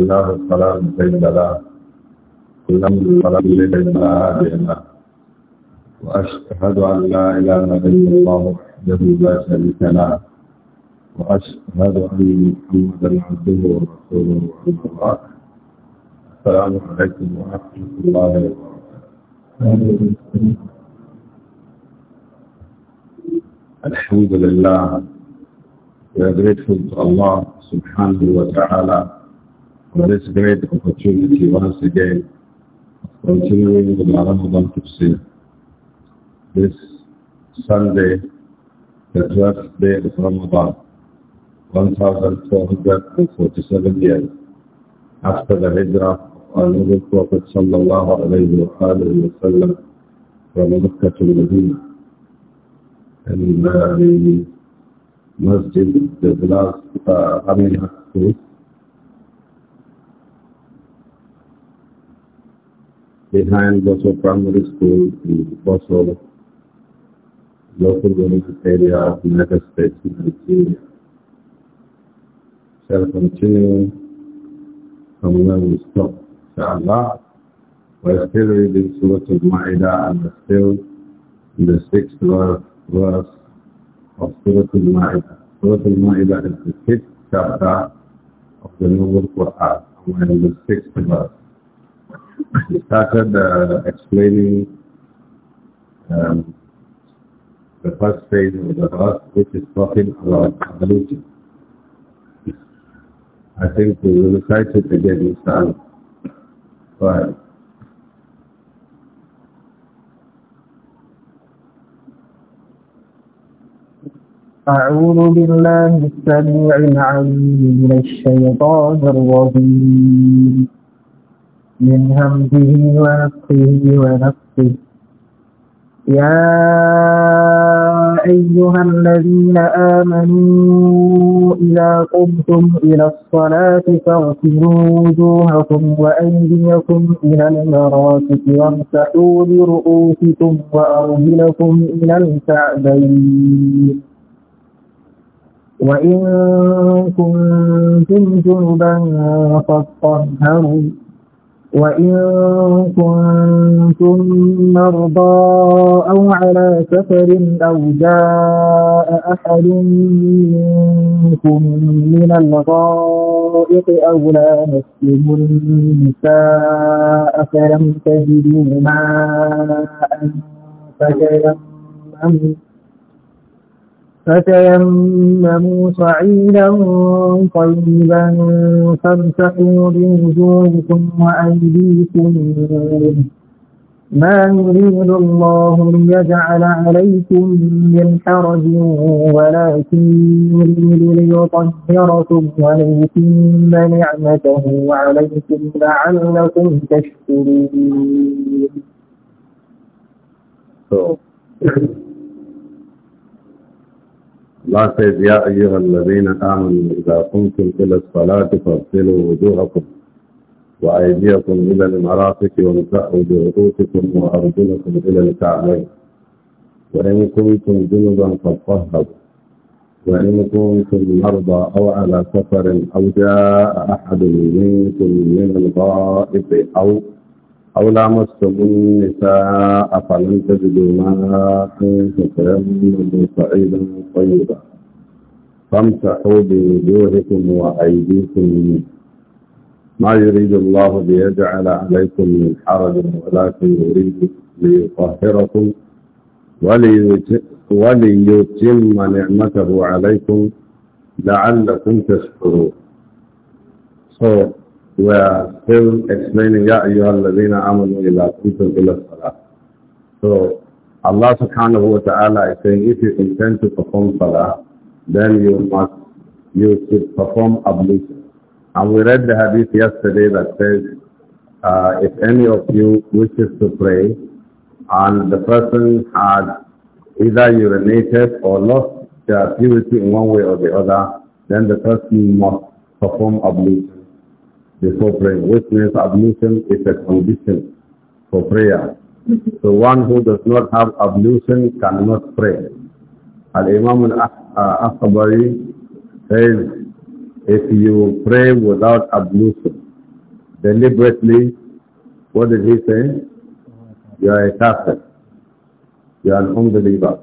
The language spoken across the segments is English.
الله فلا مضل له الحمد فلا مضل له وأشهد أن لا إله إلا الله وحده لا شريك له وأشهد أن محمدا عبده ورسوله أما بعد السلام عليكم ورحمة الله وبركاته الحمد لله We are grateful to Allah subhanahu wa ta'ala for this great opportunity once again, continuing the our Ramadan Tafsir. This Sunday, the 12th day of Ramadan, 1447 years after the Hijrah of our noble Prophet Sallallahu Alaihi Wasallam from Mecca to Medina. And uh, the Masjid, the last uh, Aminah behind Boso Primary School in Boso, local government area of United States, Nigeria. Shall continue from where we stop, inshallah. We're still reading Surah Al-Ma'idah and are still in the sixth verse of Surah Al-Ma'idah. Surah Al-Ma'idah is the fifth chapter of the Noble Quran. We're in the sixth verse he started uh, explaining um, the first phase of the verse, which is talking about evolution. I think we will recite it again, Mr. Right. أعوذ بالله السميع العليم من الشيطان الرجيم من همزه ونفخه ونفخه يا أيها الذين آمنوا إذا قمتم إلى الصلاة فاغسلوا وجوهكم وأيديكم إلى المرافق وامسحوا برؤوسكم وأرجلكم إلى الكعبين وإن كنتم جنبا فاطهروا وإن كنتم مرضى أو على سفر أو جاء أحد منكم من الغائط أو لا نسلم النساء فلم تجدوا ماء فتيمموا فتيمموا صعيدا طيبا فامسحوا بوجوهكم وأيديكم ما يريد الله ليجعل عليكم من حرج ولكن يريد ليطهركم وليتم نعمته عليكم لعلكم تشكرون الله says يا أيها الذين آمنوا إذا قمتم إلى الصلاة فاغسلوا وجوهكم وأيديكم إلى المرافق وامسحوا برؤوسكم وأرجلكم إلى الكعبين وإن كنتم جنبا فاطهروا وإن كنتم مرضى أو على سفر أو جاء أحد منكم من الغائط أو أو لامستم النساء فلم تجدوا ماء فتيمموا صعيدا طيبا فامسحوا بوجوهكم وأيديكم ما يريد الله ليجعل عليكم من حرج ولكن يريد ليطهركم وليتم نعمته عليكم لعلكم تشكرون. صوت we are still explaining Ya ayyuhal ladina amanu ila kutum ila salah. So Allah subhanahu wa ta'ala is saying if you intend to perform salah, then you must, you should perform ablution. And we read the hadith yesterday that says, uh, if any of you wishes to pray and the person had either urinated or lost their purity in one way or the other, then the person must perform ablution before praying, witness means ablution is a condition for prayer. So one who does not have ablution cannot pray. Al-Imam al-Akhbari says, if you pray without ablution, deliberately, what did he say? You are a kafir. You are an unbeliever.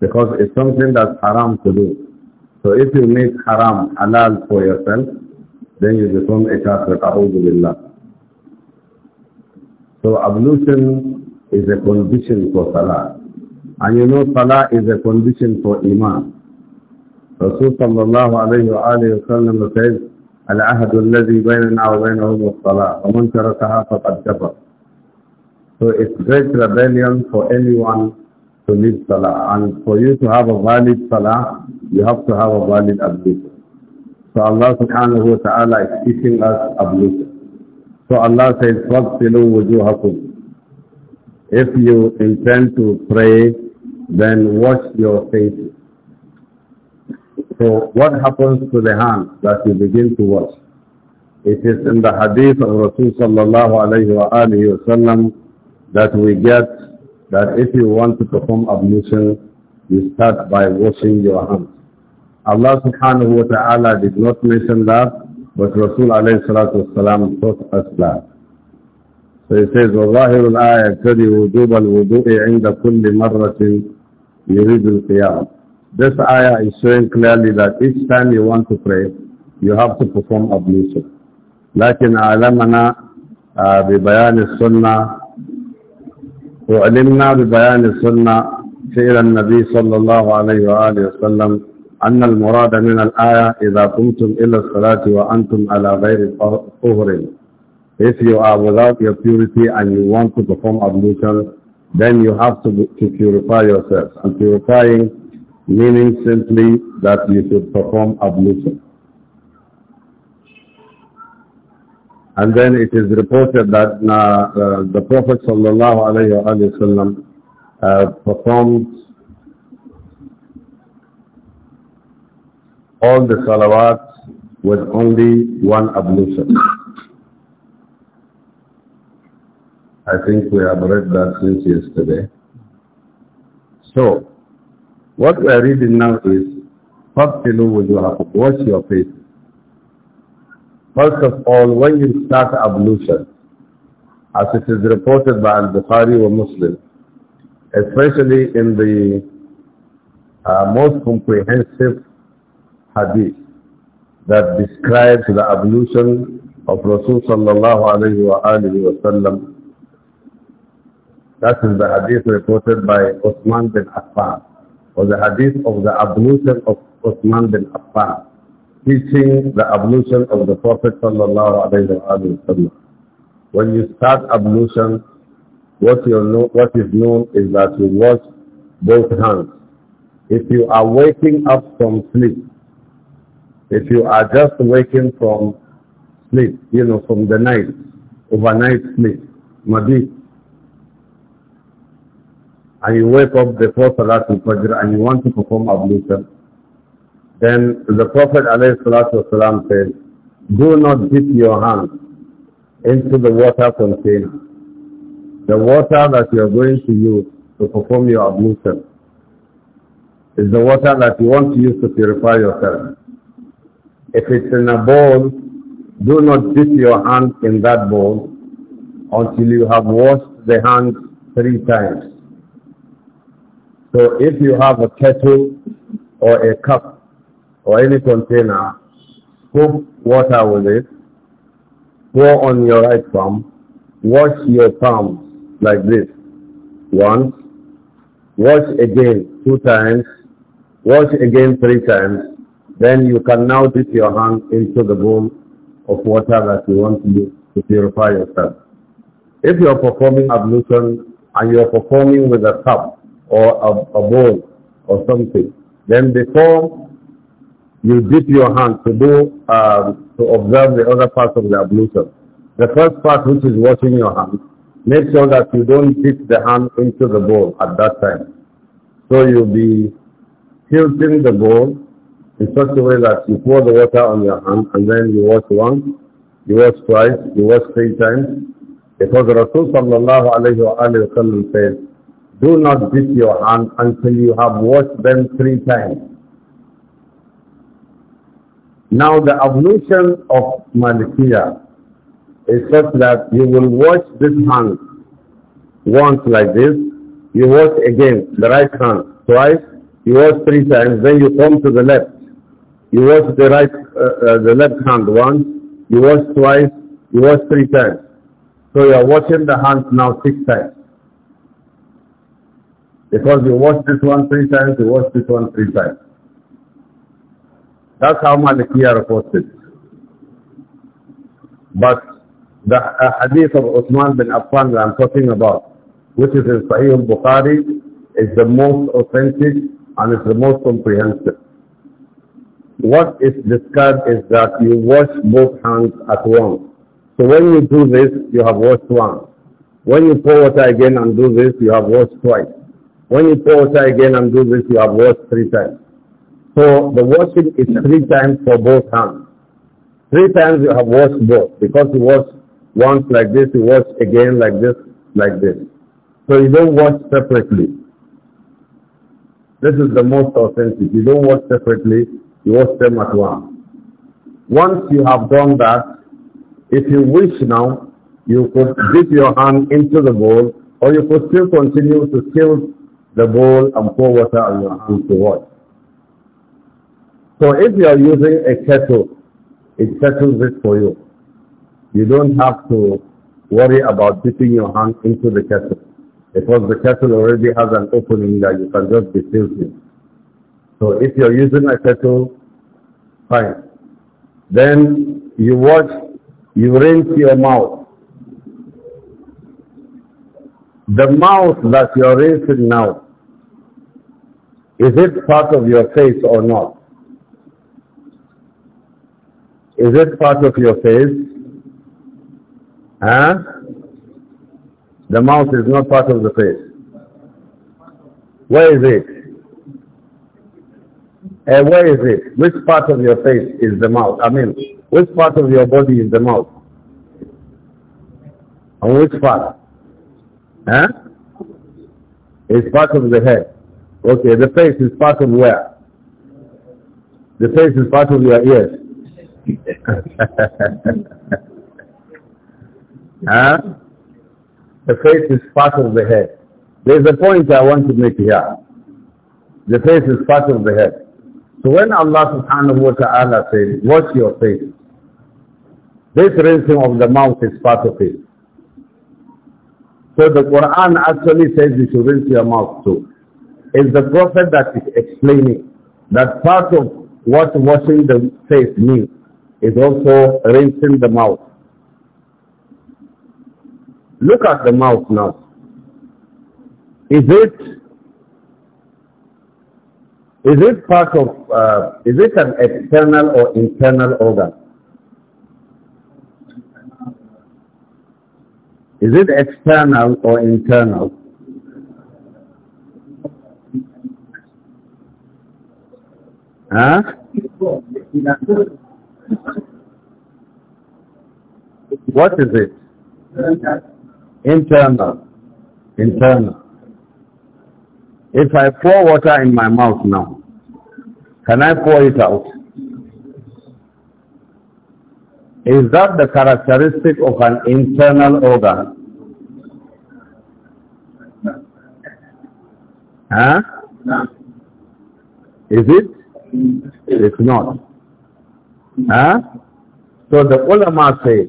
Because it's something that's haram to do. So if you make haram halal for yourself, then you become a kafir, a'udhu billah. So ablution is a condition for salah. And you know salah is a condition for iman. Rasul sallallahu alayhi wa alayhi wa sallam says, العهد الذي بيننا وبينهم الصلاة ومن تركها فقد كفر So it's great rebellion for anyone to leave salah and for you to have a valid salah you have to have a valid ablution so Allah subhanahu wa ta'ala is teaching us ablution. So Allah says, فَاغْسِلُوا وُجُوهَكُمْ If you intend to pray, then wash your faces. So what happens to the hand that you begin to wash? It is in the hadith of Rasul sallallahu alayhi wa alayhi wa that we get that if you want to perform ablution, you start by washing your hands. Allah subhanahu wa ta'ala did not mention that, but Rasul alayhi salatu wasalam taught us that. So he says, وَظَاهِرُ الْآيَةِ يَبْتَدِي وُجُوبَ الْوُضُوءِ عِنْدَ كُلِّ مَرَّةٍ يُرِيدُ الْقِيَامِ This ayah is showing clearly that each time you want to pray, you have to perform ablution. لكن علمنا ببيان السنة وعلمنا ببيان السنة فعل النبي صلى الله عليه وآله وسلم أن المراد من الآية إذا قمتم إلى الصلاة وأنتم على غير طهر If you are without your purity and you want to perform ablution, then you have to, to purify yourself. And purifying meaning simply that you should perform ablution. And then it is reported that uh, uh, the Prophet sallallahu alayhi wa sallam uh, performed all the salawat with only one ablution. I think we have read that since yesterday. So, what we are reading now is, فَبْتِلُوا Wash your face. First of all, when you start ablution, as it is reported by Al-Bukhari or Muslim, especially in the uh, most comprehensive hadith that describes the ablution of Rasul sallallahu alayhi wa alihi wa sallam. That is the hadith reported by Osman bin Affan, or the hadith of the ablution of Osman bin Affan, teaching the ablution of the Prophet sallallahu alayhi wa wa sallam. When you start ablution, what, you know, what is known is that you wash both hands. If you are waking up from sleep, if you are just waking from sleep, you know, from the night, overnight sleep, maybe, and you wake up before al Fajr and you want to perform ablution, then the Prophet ﷺ says, do not dip your hand into the water container. The water that you are going to use to perform your ablution is the water that you want to use to purify yourself. If it's in a bowl, do not dip your hand in that bowl until you have washed the hand three times. So if you have a kettle or a cup or any container, scoop water with it, pour on your right palm, wash your palms like this once, wash again two times, wash again three times, then you can now dip your hand into the bowl of water that you want to to purify yourself. If you are performing ablution and you are performing with a cup or a, a bowl or something, then before you dip your hand to do um, to observe the other parts of the ablution, the first part which is washing your hand, make sure that you don't dip the hand into the bowl at that time. So you'll be tilting the bowl in such a way that you pour the water on your hand and then you wash once, you wash twice, you wash three times. Because Rasul sallallahu alayhi wa, alayhi wa sallam said, do not dip your hand until you have washed them three times. Now the ablution of Malikiya is such that you will wash this hand once like this, you wash again the right hand twice, you wash three times, then you come to the left. You wash the right, uh, uh, the left hand once, you wash twice, you wash three times. So you are washing the hands now six times. Because you wash this one three times, you wash this one three times. That's how Malikiya reports it. But the uh, hadith of Uthman bin Affan that I'm talking about, which is in Sahih al-Bukhari, is the most authentic and is the most comprehensive what is described is that you wash both hands at once. So when you do this, you have washed once. When you pour water again and do this, you have washed twice. When you pour water again and do this, you have washed three times. So the washing is three times for both hands. Three times you have washed both because you wash once like this, you wash again like this, like this. So you don't wash separately. This is the most authentic. You don't wash separately you wash them at once. Once you have done that, if you wish now, you could dip your hand into the bowl or you could still continue to fill the bowl and pour water on your hand to wash. So if you are using a kettle, it settles it for you. You don't have to worry about dipping your hand into the kettle because the kettle already has an opening that you can just be filled so if you're using a kettle, fine. Then you wash, you rinse your mouth. The mouth that you're rinsing now, is it part of your face or not? Is it part of your face? Huh? The mouth is not part of the face. Where is it? Uh, where is it? Which part of your face is the mouth? I mean, which part of your body is the mouth? On which part? Huh? It's part of the head. Okay, the face is part of where? The face is part of your ears. huh? The face is part of the head. There's a point I want to make here. The face is part of the head. So when Allah subhanahu wa ta'ala says, wash your face, this rinsing of the mouth is part of it. So the Quran actually says you should rinse your mouth too. It's the Prophet that is explaining that part of what washing the face means is also rinsing the mouth. Look at the mouth now. Is it is it part of, uh, is it an external or internal organ? Is it external or internal? Huh? What is it? Internal. Internal. If I pour water in my mouth now, can I pour it out? Is that the characteristic of an internal organ? Huh? Is it? It's not. Huh? So the ulama say,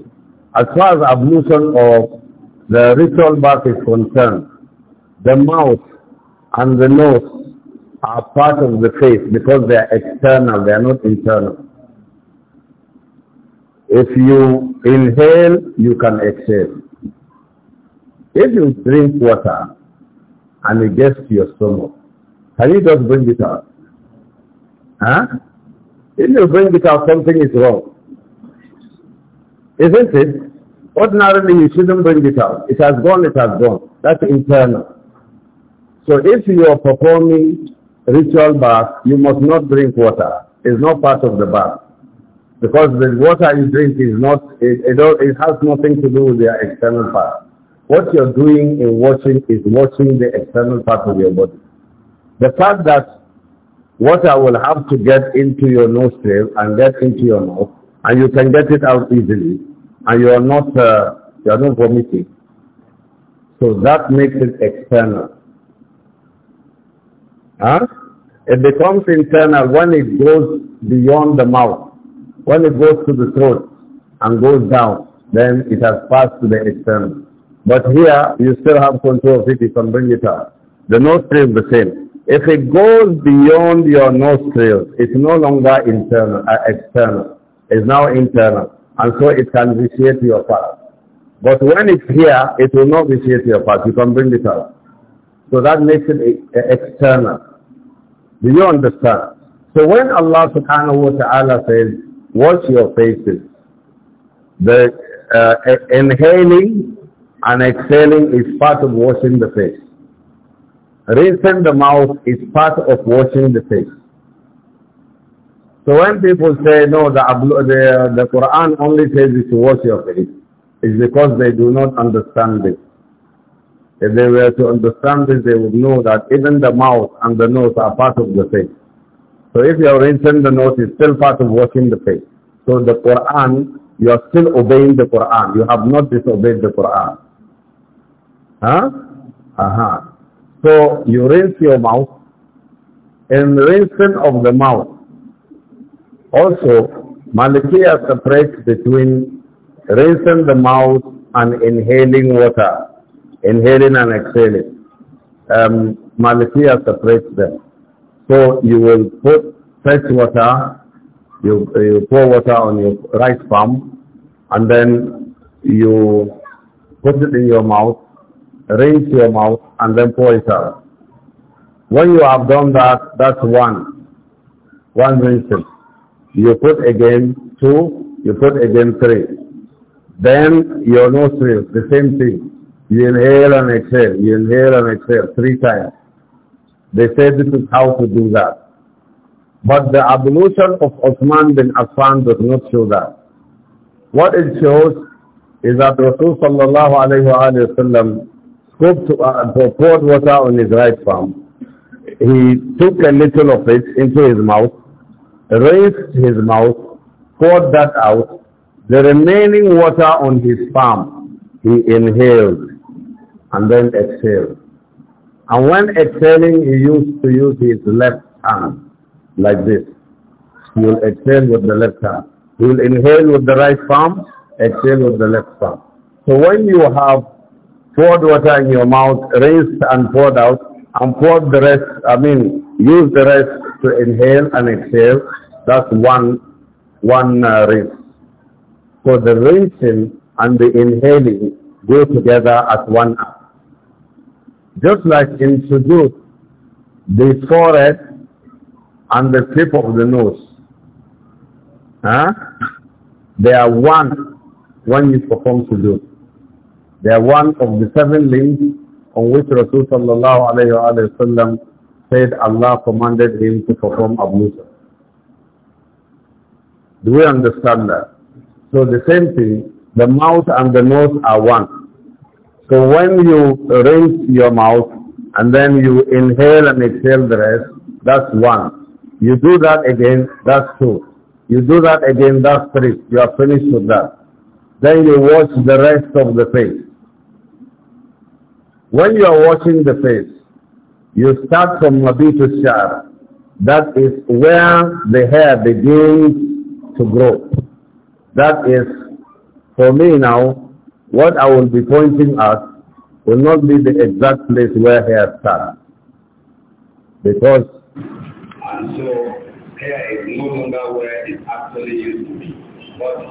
as far as ablution of the ritual bath is concerned, the mouth and the nose are part of the faith because they are external, they are not internal. If you inhale, you can exhale. If you drink water and it gets to your stomach, can you just bring it out? Huh? If you bring it out, something is wrong. Isn't it? Ordinarily, you shouldn't bring it out. It has gone, it has gone. That's internal. So if you are performing ritual bath, you must not drink water. It's not part of the bath. Because the water you drink is not, it, it, it has nothing to do with your external part. What you're doing in washing is washing the external part of your body. The fact that water will have to get into your nostril and get into your mouth, and you can get it out easily, and you are not, uh, you are not vomiting. So that makes it external. Huh? It becomes internal when it goes beyond the mouth. When it goes to the throat and goes down, then it has passed to the external. But here, you still have control of it, you can bring it up. The nostril is the same. If it goes beyond your nostrils, it's no longer internal, uh, external. It's now internal. And so it can vitiate your fast. But when it's here, it will not vitiate your fast. You can bring it up. So that makes it uh, external. Do you understand? So when Allah subhanahu wa ta'ala says, "Wash your faces, the uh, inhaling and exhaling is part of washing the face. Rinsing the mouth is part of washing the face. So when people say, no, the, the, the Quran only says you to wash your face, it's because they do not understand this. If they were to understand this, they would know that even the mouth and the nose are part of the face. So if you are rinsing the nose, it's still part of washing the face. So the Quran, you are still obeying the Quran. You have not disobeyed the Quran. Huh? Uh-huh. So you rinse your mouth. In rinsing of the mouth, also, Malikiya separates between rinsing the mouth and inhaling water inhaling and exhaling. Um, Malikiya separates them. So you will put fresh water, you, you pour water on your right palm, and then you put it in your mouth, rinse your mouth, and then pour it out. When you have done that, that's one. One rinse. You put again two, you put again three. Then your nostrils, the same thing. You inhale and exhale. You inhale and exhale three times. They say this is how to do that. But the ablution of Osman bin Affan does not show that. What it shows is that Rasul sallallahu alayhi wa sallam scooped, uh, poured water on his right palm. He took a little of it into his mouth, raised his mouth, poured that out. The remaining water on his palm, he inhaled and then exhale. And when exhaling, he used to use his left arm like this. He will exhale with the left arm. He will inhale with the right palm, exhale with the left palm. So when you have poured water in your mouth, rinsed and poured out, and poured the rest, I mean, use the rest to inhale and exhale, that's one, one uh, rinse. So the rinsing and the inhaling go together as one act. Just like in sujood, the forehead and the tip of the nose, huh? they are one when you perform sujood. They are one of the seven limbs on which Rasul sallallahu alayhi wa, sallam, said Allah commanded him to perform ablution. Do we understand that? So the same thing, the mouth and the nose are one. So when you rinse your mouth and then you inhale and exhale the rest, that's one. You do that again, that's two. You do that again, that's three. You are finished with that. Then you wash the rest of the face. When you are washing the face, you start from Mabi to Shar. That is where the hair begins to grow. That is, for me now, what I will be pointing at will not be the exact place where hair starts. Because and so hair is no longer where it actually used to be. But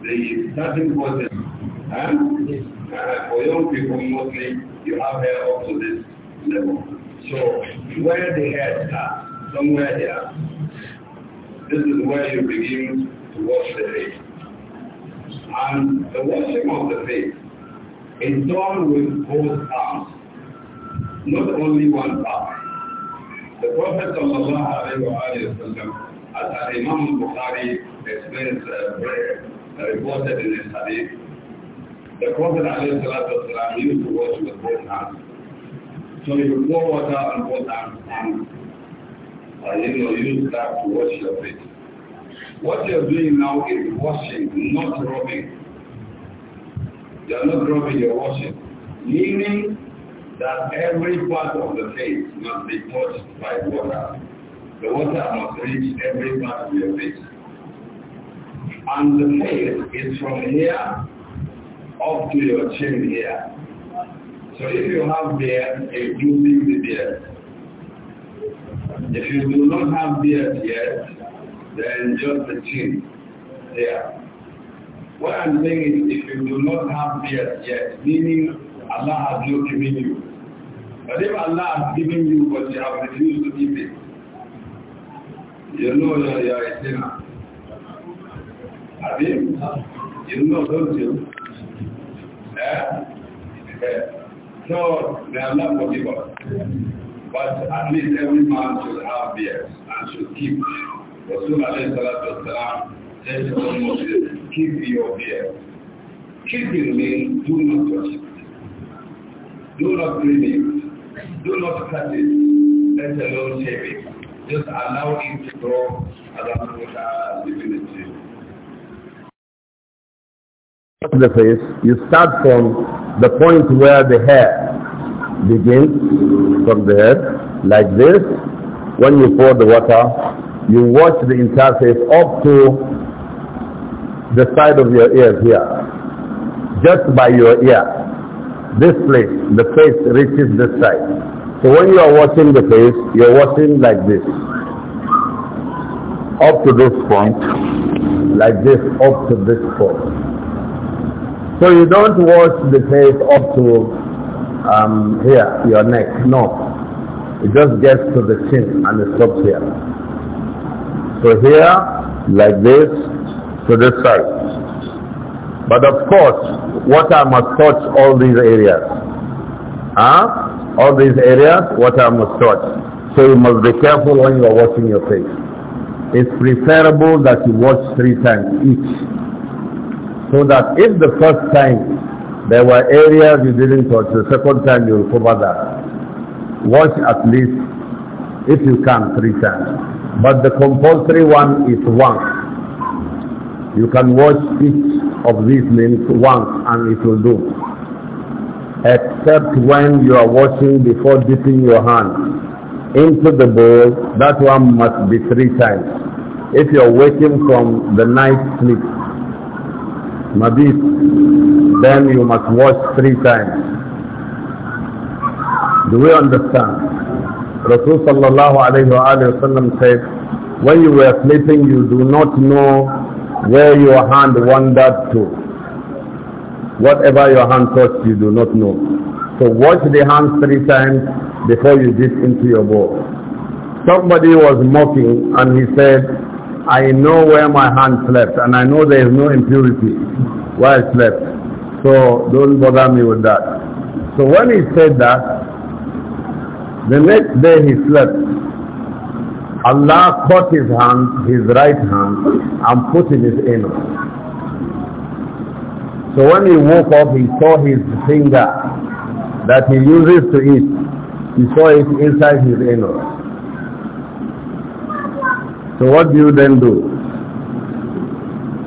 the starting is, and uh, for young people mostly you have hair up to this level. So where the hair starts, somewhere there, this is where you begin to wash the hair. And the worship of the faith is done with both arms, not only one arm. The Prophet وسلم, as Imam Bukhari explains, uh, uh, reported in his hadith, the Prophet والسلام, used to wash with both hands. So he would pour water on both hands and uh, you know, use that to wash your face. What they are doing now is washing, not rubbing. They are not rubbing, they are washing. Meaning that every part of the face must be touched by water. The water must reach every part of your face. And the face is from here up to your chin here. So if you have beard, including the beard. If you do not have beard yet, then just the chin yeah. What I'm saying is if you do not have beard yet, meaning Allah has not given you. But if Allah has given you but you have refused to keep it, you know you're, you're a sinner. Have you? You know, don't you? Yeah? yeah. So they are not forgiven. But at least every man should have beard and should keep Rasul alayhi salatu wasalam said to Moses, keep your beard. Keeping means do not touch it. Do not clean it. Do not cut it. Let alone shave it. Just allow it to grow as a our divinity. The face, you start from the point where the hair begins from the head, like this. When you pour the water, you watch the face up to the side of your ears here. Just by your ear. This place, the face reaches this side. So when you are watching the face, you're watching like this. Up to this point. Like this, up to this point. So you don't watch the face up to um, here, your neck. No. It just gets to the chin and it stops here to here, like this, to this side. But of course, water must touch all these areas. Huh? All these areas, water must touch. So you must be careful when you are washing your face. It's preferable that you wash three times each. So that if the first time there were areas you didn't touch. The second time you will cover that. Wash at least, if you can, three times. But the compulsory one is once. You can watch each of these links once and it will do. Except when you are washing before dipping your hand into the bowl, that one must be three times. If you are waking from the night sleep, Mabit, then you must wash three times. Do we understand? Rasul sallallahu alayhi wa said, when you were sleeping you do not know where your hand wandered to. Whatever your hand touched you do not know. So wash the hands three times before you dip into your bowl. Somebody was mocking and he said, I know where my hand slept and I know there is no impurity where I slept. So don't bother me with that. So when he said that, the next day he slept. Allah caught his hand, his right hand, and put in his anus. So when he woke up, he saw his finger that he uses to eat. He saw it inside his anus. So what do you then do?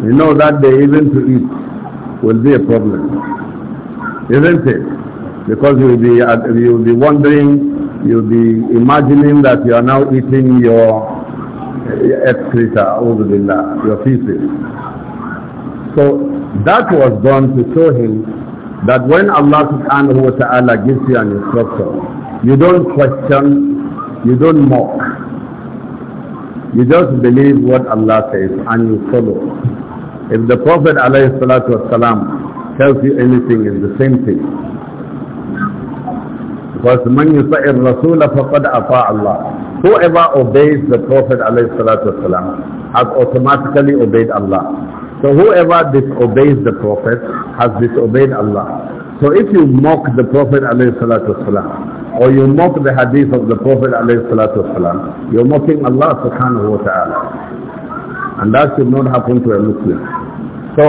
You know that day even to eat will be a problem. Isn't it? Because you'll be, you'll be wondering you'll be imagining that you are now eating your eh, excreta, billah, your feces. So that was done to show him that when Allah subhanahu wa ta'ala gives you an instruction, you don't question, you don't mock. You just believe what Allah says and you follow. If the Prophet alayhi salatu wasalam tells you anything, it's the same thing. Because man yusa'ir Rasul faqad ata Allah. Whoever obeys the Prophet والسلام, has automatically obeyed Allah. So whoever disobeys the Prophet has disobeyed Allah. So if you mock the Prophet والسلام, or you mock the hadith of the Prophet والسلام, you're mocking Allah subhanahu wa ta'ala. And that should not happen to a Muslim. So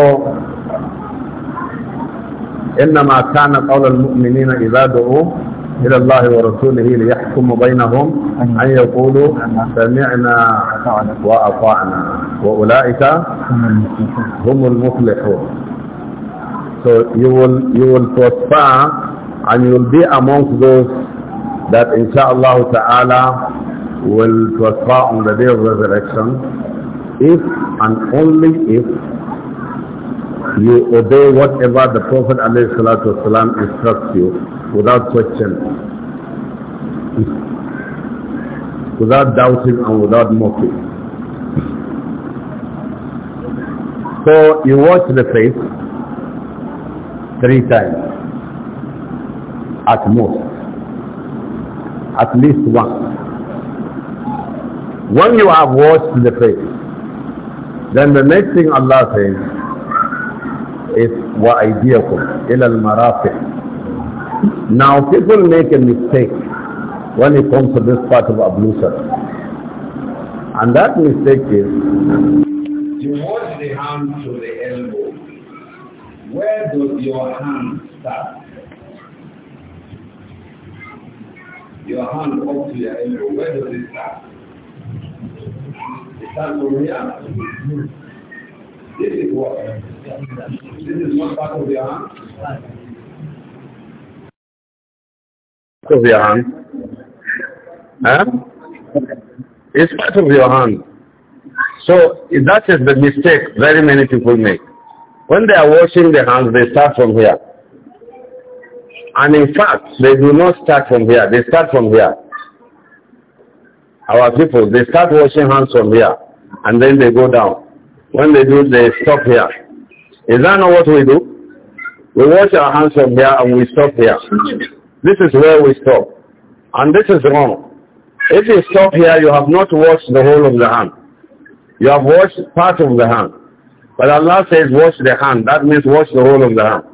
إنما كان قول المؤمنين إذا دعوا إلى الله ورسوله ليحكم بينهم أن يقولوا سمعنا وأطعنا وأولئك هم المفلحون So you will, you will prosper and you will be amongst those that inshallah ta'ala will prosper on the day of resurrection if and only if you obey whatever the Prophet ﷺ instructs you without question, without doubting and without mocking. So you wash the face three times at most, at least once. When you have washed the face, then the next thing Allah says is وَأَيْدِيَكُمْ إِلَى الْمَرَافِقِ now people make a mistake when it comes to this part of ablution. And that mistake is you wash the hand to the elbow. Where does your hand start? Your hand up to your elbow, where does it start? It starts from here. This is what? This is what part of your hand? part of your hand. Huh? It's part of your hand. So that is the mistake very many people make. When they are washing their hands, they start from here. And in fact, they do not start from here. They start from here. Our people, they start washing hands from here. And then they go down. When they do, they stop here. Is that not what we do? We wash our hands from here and we stop here. This is where we stop. And this is wrong. If you stop here, you have not washed the whole of the hand. You have washed part of the hand. But Allah says wash the hand. That means wash the whole of the hand.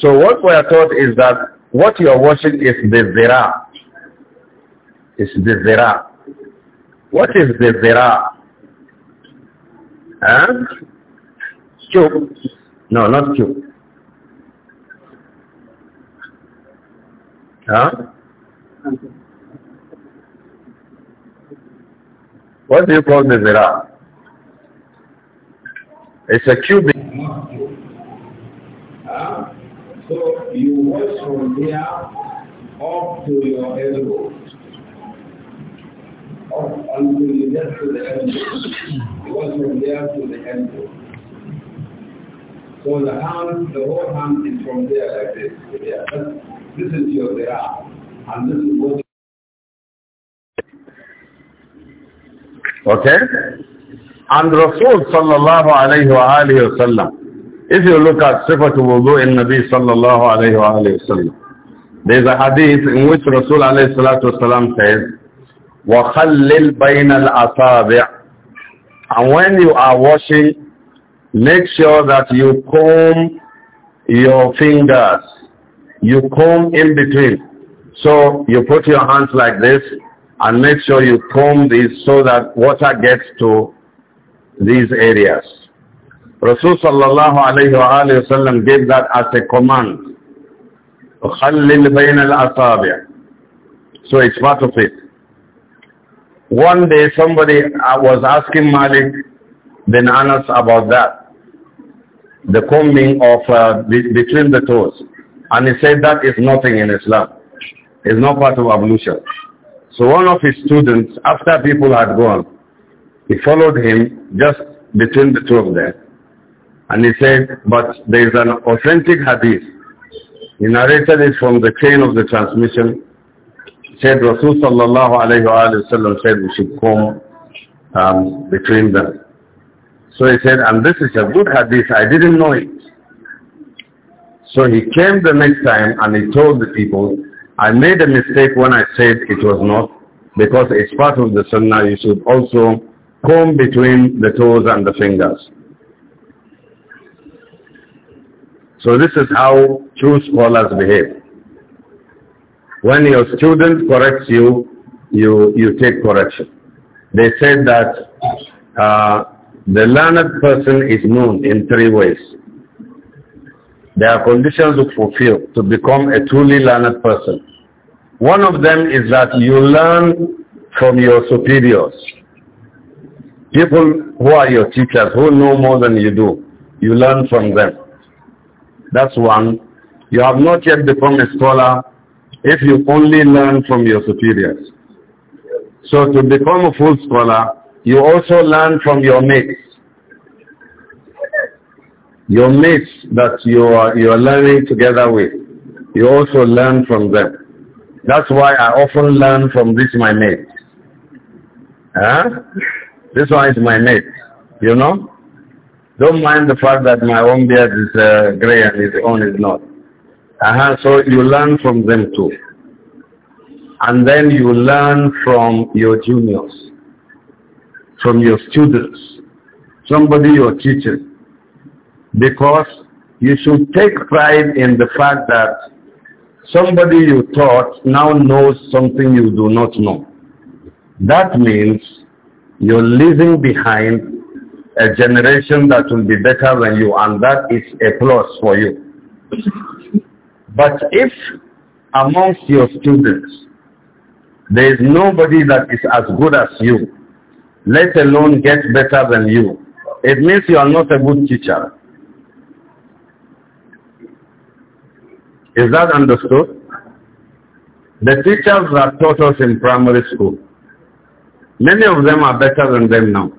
So what we are taught is that what you are washing is the zira. It's the zira. What is the zira? Huh? Cube. No, not cube. Huh? What do you call this zira? It's a cubic. Uh, so you wash from here up to your elbow. Up until you get to the elbow. You wash from there to the elbow. So the hand, the whole hand is from there like this. Yeah. This is your dua, and this is what. Okay? And Rasul sallallahu alayhi wa alayhi wa sallam, if you look at Sifatul Wudu in Nabi sallallahu alayhi wa alayhi wa sallam, there is a hadith in which Rasul alayhi salatu wa sallam says, al بَيْنَ And when you are washing, make sure that you comb your fingers you comb in between. So you put your hands like this and make sure you comb these so that water gets to these areas. Rasul sallallahu alayhi wa sallam gave that as a command. So it's part of it. One day somebody uh, was asking Malik bin Anas about that. The combing of uh, between the toes. And he said that is nothing in Islam. It's not part of ablution. So one of his students, after people had gone, he followed him just between the two of them. And he said, but there is an authentic hadith. He narrated it from the chain of the transmission. He said Rasul sallallahu alayhi wa sallam said we should come um, between them. So he said, and this is a good hadith. I didn't know it. So he came the next time and he told the people, I made a mistake when I said it was not, because it's part of the sunnah, you should also comb between the toes and the fingers. So this is how true scholars behave. When your student corrects you, you, you take correction. They said that uh, the learned person is known in three ways. There are conditions to fulfill to become a truly learned person. One of them is that you learn from your superiors. People who are your teachers, who know more than you do, you learn from them. That's one. You have not yet become a scholar if you only learn from your superiors. So to become a full scholar, you also learn from your mates. Your mates that you are, you are learning together with, you also learn from them. That's why I often learn from this my mate. Huh? This one is my mate, you know? Don't mind the fact that my own beard is uh, gray and his own is not. Uh-huh, so you learn from them too. And then you learn from your juniors, from your students, somebody you're teaching. Because you should take pride in the fact that somebody you taught now knows something you do not know. That means you're leaving behind a generation that will be better than you and that is a plus for you. But if amongst your students there is nobody that is as good as you, let alone get better than you, it means you are not a good teacher. Is that understood? The teachers that taught us in primary school, many of them are better than them now.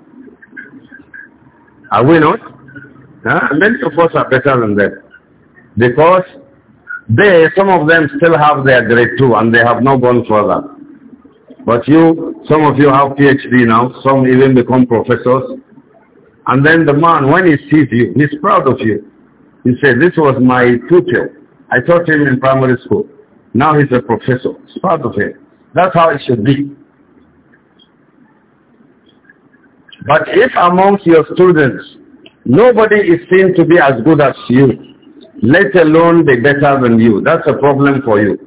Are we not? Huh? Many of us are better than them. Because they, some of them still have their grade 2 and they have not gone further. But you, some of you have PhD now, some even become professors. And then the man, when he sees you, he's proud of you. He said, this was my tutor. I taught him in primary school. Now he's a professor. It's part of it. That's how it should be. But if amongst your students, nobody is seen to be as good as you, let alone be better than you, that's a problem for you.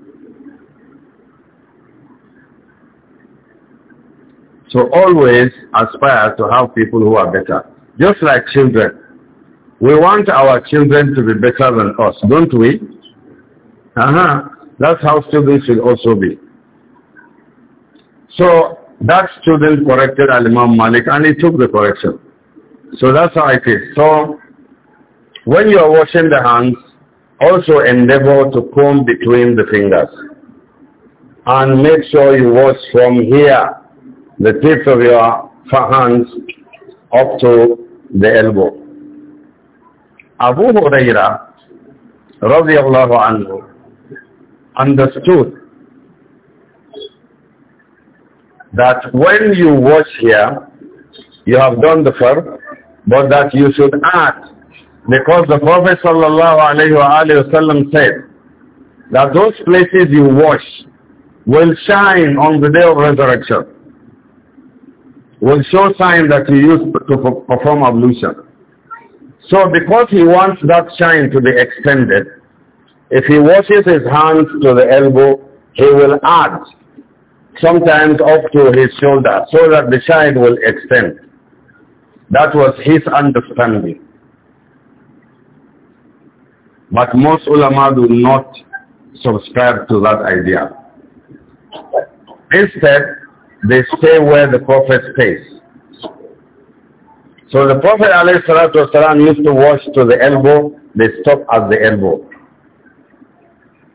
So always aspire to have people who are better. Just like children. We want our children to be better than us, don't we? Uh-huh. That's how students will also be. So that student corrected Al-Imam Malik and he took the correction. So that's how it is. So when you are washing the hands, also endeavor to comb between the fingers and make sure you wash from here, the tips of your hands up to the elbow. Abu Huraira, radiallahu anhu, understood that when you watch here, you have done the first, but that you should act. Because the Prophet wasallam said that those places you wash will shine on the day of resurrection, will show sign that you used to perform ablution. So because he wants that shine to be extended, if he washes his hands to the elbow, he will add sometimes up to his shoulder so that the child will extend. That was his understanding. But most ulama do not subscribe to that idea. Instead, they stay where the Prophet stays. So the Prophet ﷺ used to wash to the elbow, they stop at the elbow.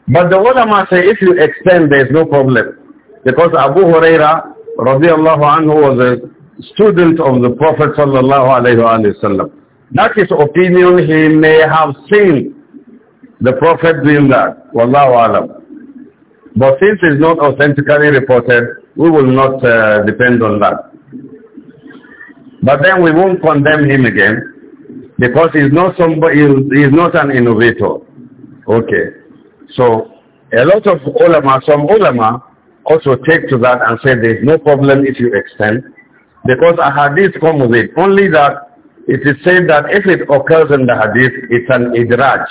But the ulama say if you extend, there is no problem. Because Abu Huraira, radiallahu anhu, was a student of the Prophet sallallahu alayhi wa sallam. That is opinion he may have seen the Prophet doing that. Wallahu alam. But since it's not authentically reported, we will not uh, depend on that. But then we won't condemn him again because he's not somebody, he's not an innovator. Okay. So a lot of ulama, some ulama also take to that and say there is no problem if you extend because a hadith comes with it. Only that it is said that if it occurs in the hadith, it's an idraj,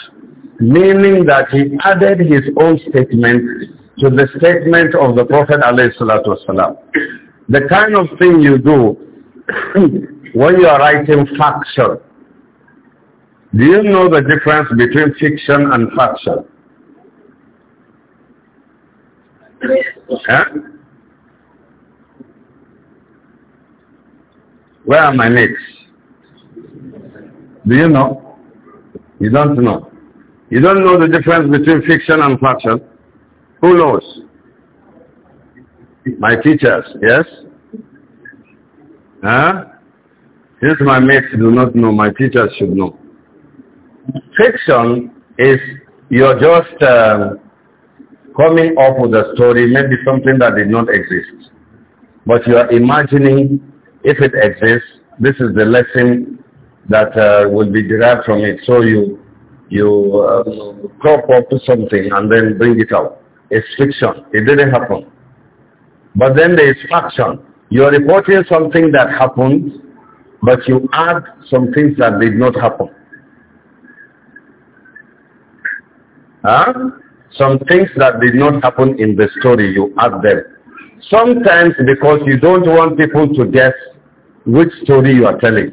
meaning that he added his own statement to the statement of the Prophet ﷺ. The kind of thing you do when you are writing fiction, do you know the difference between fiction and fiction? Huh? Where are my legs? Do you know? You don't know. You don't know the difference between fiction and faction? Who knows? My teachers, yes? Huh? Since my mates do not know, my teachers should know. Fiction is you're just um, coming up with a story, maybe something that did not exist. But you are imagining if it exists, this is the lesson that uh, will be derived from it. So you you uh, crop up something and then bring it out. It's fiction. It didn't happen. But then there is faction. You are reporting something that happened, but you add some things that did not happen. Huh? Some things that did not happen in the story, you add them. Sometimes because you don't want people to guess which story you are telling.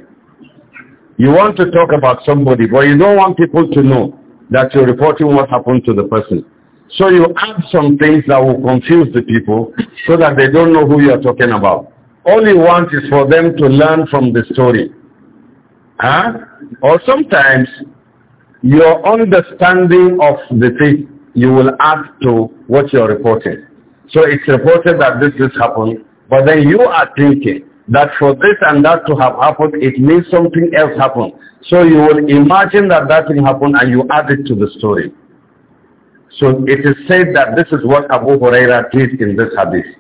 You want to talk about somebody, but you don't want people to know that you're reporting what happened to the person. So you add some things that will confuse the people so that they don't know who you are talking about. All you want is for them to learn from the story. Huh? Or sometimes your understanding of the thing you will add to what you're reporting. So it's reported that this has happened, but then you are thinking that for this and that to have happened, it means something else happened. So you will imagine that that thing happened and you add it to the story. So it is said that this is what Abu Huraira did in this hadith.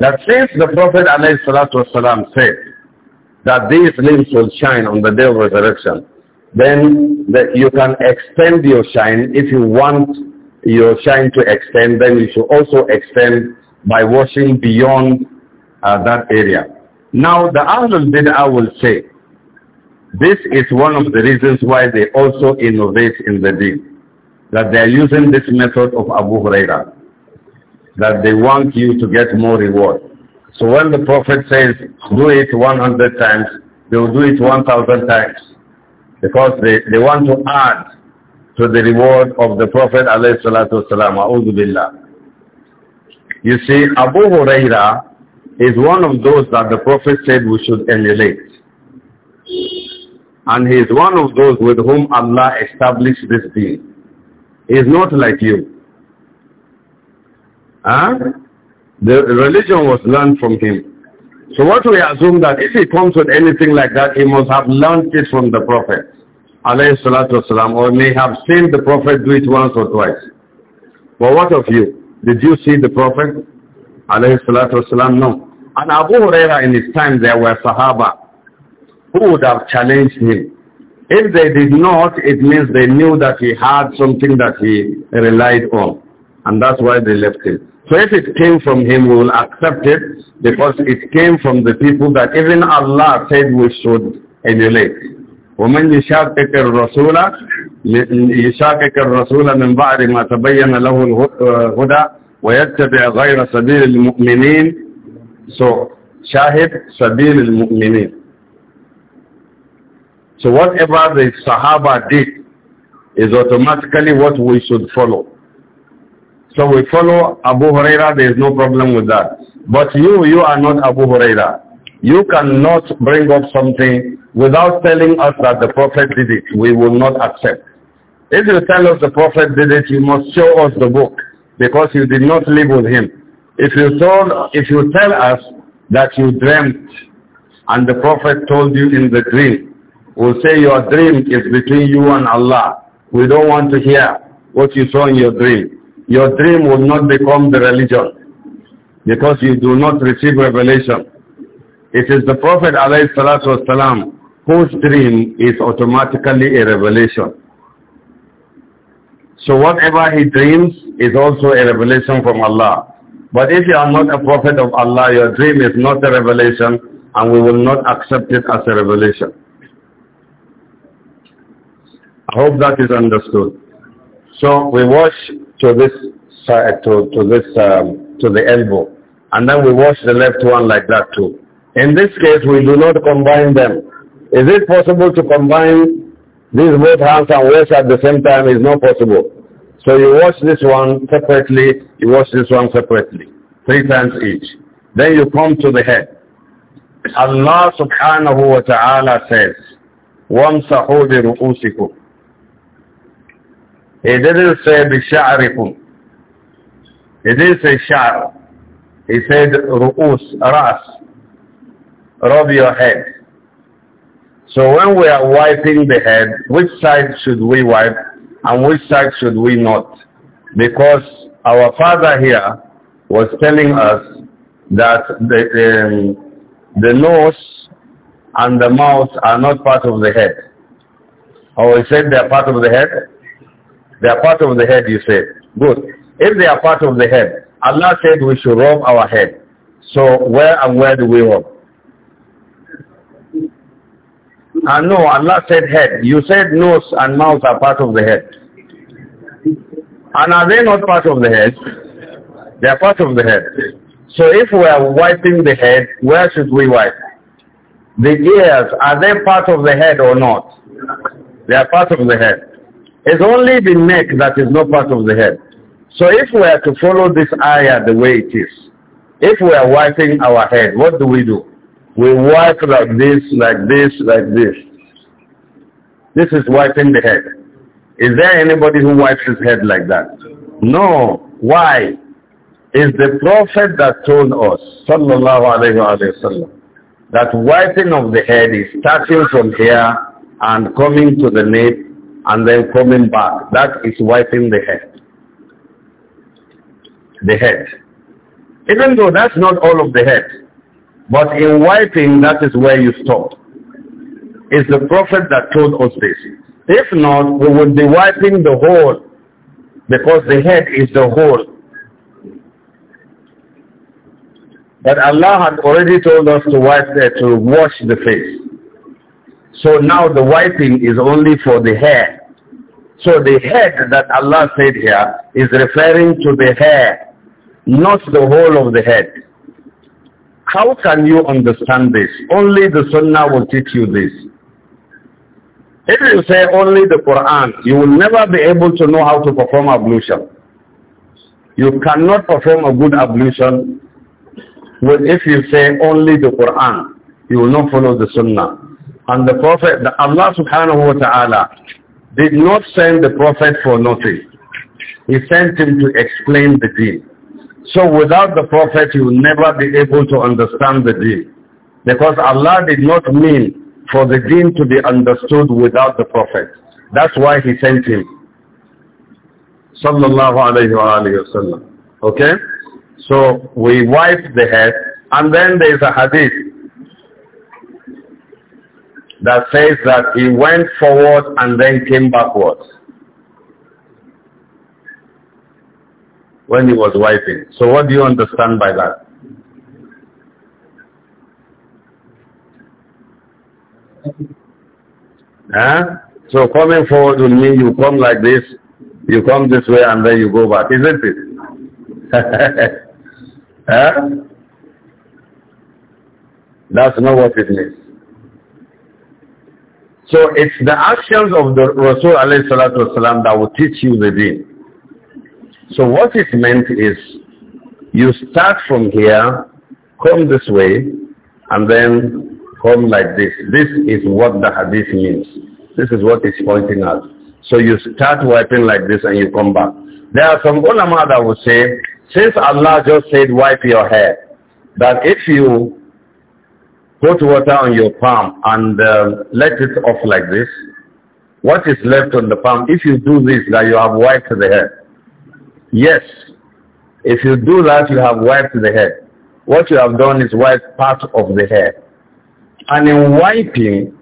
That since the Prophet ﷺ said that these limbs will shine on the day of resurrection, then that you can extend your shine. If you want your shine to extend, then you should also extend by washing beyond uh, that area. Now, the Ahlul Bid'ah will say, this is one of the reasons why they also innovate in the deen, that they are using this method of Abu Huraira, that they want you to get more reward. So when the Prophet says, do it 100 times, they will do it 1,000 times. Because they, they want to add to the reward of the Prophet alayhi salatu wasalam. You see, Abu Huraira is one of those that the Prophet said we should emulate. And he is one of those with whom Allah established this deen. He is not like you. Huh? The religion was learned from him. So what we assume that if he comes with anything like that, he must have learned it from the Prophet, alayhi or may have seen the Prophet do it once or twice. But what of you? Did you see the Prophet, alayhi No. And Abu Huraira in his time, there were Sahaba who would have challenged him. If they did not, it means they knew that he had something that he relied on. And that's why they left him. So if it came from him, we will accept it because it came from the people that even Allah said we should emulate. ومن يشاقق الرسول يشاقق الرسول من بعد ما تبين له الهدى ويتبع غير سبيل المؤمنين so شاهد سبيل المؤمنين so whatever the Sahaba did is automatically what we should follow so we follow Abu Huraira, there is no problem with that. But you, you are not Abu Huraira. You cannot bring up something without telling us that the Prophet did it. We will not accept. If you tell us the Prophet did it, you must show us the book because you did not live with him. If you, told, if you tell us that you dreamt and the Prophet told you in the dream, we'll say your dream is between you and Allah. We don't want to hear what you saw in your dream your dream will not become the religion because you do not receive revelation. It is the Prophet والسلام, whose dream is automatically a revelation. So whatever he dreams is also a revelation from Allah. But if you are not a prophet of Allah, your dream is not a revelation and we will not accept it as a revelation. I hope that is understood. So we wash to this to to this um, to the elbow, and then we wash the left one like that too. In this case, we do not combine them. Is it possible to combine these both hands and wash at the same time? Is not possible. So you wash this one separately, you wash this one separately, three times each. Then you come to the head. Allah subhanahu wa ta'ala says, وَامْسَحُوا بِرُؤُوسِكُمْ he didn't say bisha'rikum. He didn't say sha'r. He said ru'us, ras. Rub your head. So when we are wiping the head, which side should we wipe and which side should we not? Because our father here was telling us that the, um, the nose and the mouth are not part of the head. Or he said they are part of the head. They are part of the head, you say. Good. If they are part of the head, Allah said we should rub our head. So where and where do we rub? I ah, no, Allah said head. You said nose and mouth are part of the head. And are they not part of the head? They are part of the head. So if we are wiping the head, where should we wipe? The ears, are they part of the head or not? They are part of the head. It's only the neck that is not part of the head. So if we are to follow this ayah the way it is, if we are wiping our head, what do we do? We wipe like this, like this, like this. This is wiping the head. Is there anybody who wipes his head like that? No. Why? It's the Prophet that told us, sallallahu alayhi wa, sallam, that wiping of the head is starting from here and coming to the nape and then coming back. That is wiping the head. The head. Even though that's not all of the head, but in wiping, that is where you stop. It's the Prophet that told us this. If not, we would be wiping the whole, because the head is the whole. But Allah had already told us to wipe, there, to wash the face. So now the wiping is only for the hair. So the head that Allah said here is referring to the hair, not the whole of the head. How can you understand this? Only the Sunnah will teach you this. If you say only the Quran, you will never be able to know how to perform ablution. You cannot perform a good ablution if you say only the Quran. You will not follow the Sunnah. And the Prophet, Allah subhanahu wa ta'ala did not send the Prophet for nothing. He sent him to explain the deen. So without the Prophet, you will never be able to understand the deen. Because Allah did not mean for the deen to be understood without the Prophet. That's why he sent him. Sallallahu alayhi wa Okay? So we wipe the head and then there is a hadith that says that he went forward and then came backwards when he was wiping. So what do you understand by that? Huh? So coming forward will mean you come like this, you come this way and then you go back, isn't it? huh? That's not what it means. So it's the actions of the Rasul alayhi salatu wasalam that will teach you the deen. So what it meant is you start from here, come this way, and then come like this. This is what the hadith means. This is what it's pointing at. So you start wiping like this and you come back. There are some ulama that will say, since Allah just said wipe your hair, that if you put water on your palm and uh, let it off like this. What is left on the palm, if you do this, that you have wiped the head. Yes, if you do that, you have wiped the head. What you have done is wiped part of the head. And in wiping,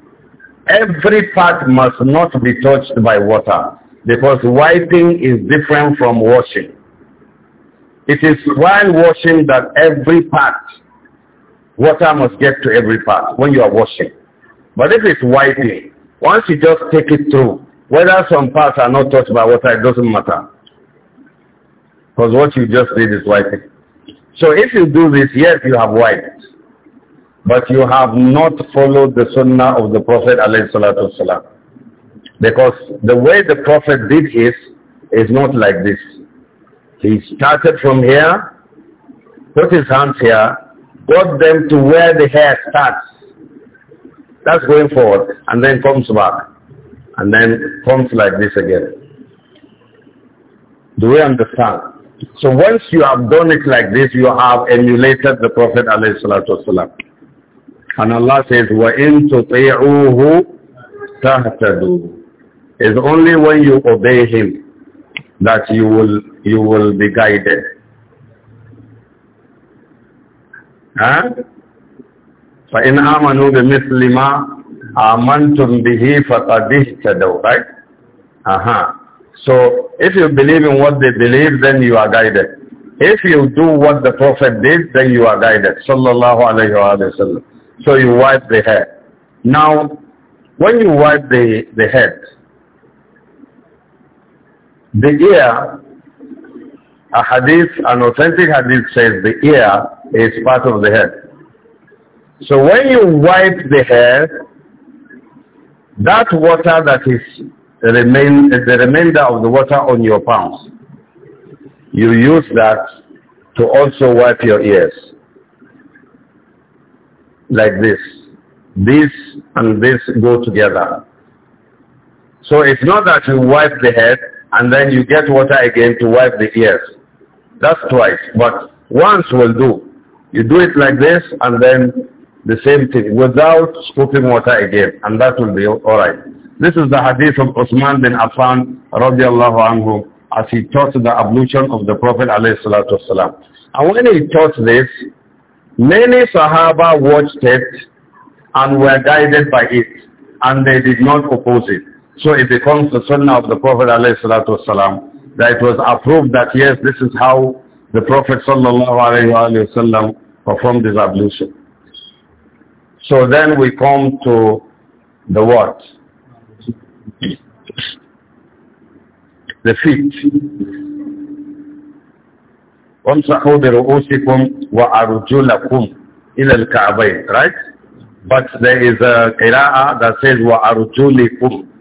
every part must not be touched by water because wiping is different from washing. It is while washing that every part Water must get to every part when you are washing. But if it's wiping, once you just take it through, whether some parts are not touched by water, it doesn't matter. Because what you just did is wiping. So if you do this, yes, you have wiped. But you have not followed the sunnah of the Prophet ﷺ. Because the way the Prophet did his is not like this. He started from here, put his hands here, brought them to where the hair starts. That's going forward and then comes back and then comes like this again. Do we understand? So once you have done it like this, you have emulated the Prophet ﷺ. And Allah says, وَإِن تُطِيعُوهُ تَهْتَدُوا It's only when you obey Him that you will, you will be guided. Huh? فَإِنْ آمَنُوا بِمِثْلِ مَا آمَنْتُمْ بِهِ فَقَدْ اهْتَدَوْا Right? Uh-huh. So if you believe in what they believe, then you are guided. If you do what the Prophet did, then you are guided. Sallallahu wa So you wipe the head. Now, when you wipe the, the head, the ear a hadith, an authentic hadith says the ear is part of the head. So when you wipe the hair, that water that is remain, the remainder of the water on your palms, you use that to also wipe your ears. Like this. This and this go together. So it's not that you wipe the head and then you get water again to wipe the ears. That's twice. But once will do. You do it like this and then the same thing without scooping water again. And that will be alright. This is the hadith of Usman bin Affan radiallahu anhu as he taught the ablution of the Prophet alayhi salatu wasalam. And when he taught this, many Sahaba watched it and were guided by it and they did not oppose it. So it becomes the sunnah of the Prophet alayhi salatu wasalam that it was approved that yes, this is how the Prophet ﷺ performed his ablution. So then we come to the what? The feet. وَامْسَحُوا بِرُؤُوسِكُمْ وَأَرْجُلَكُمْ إِلَى الْكَعْبَيْنِ Right? But there is a qira'ah that says وَأَرْجُلِكُمْ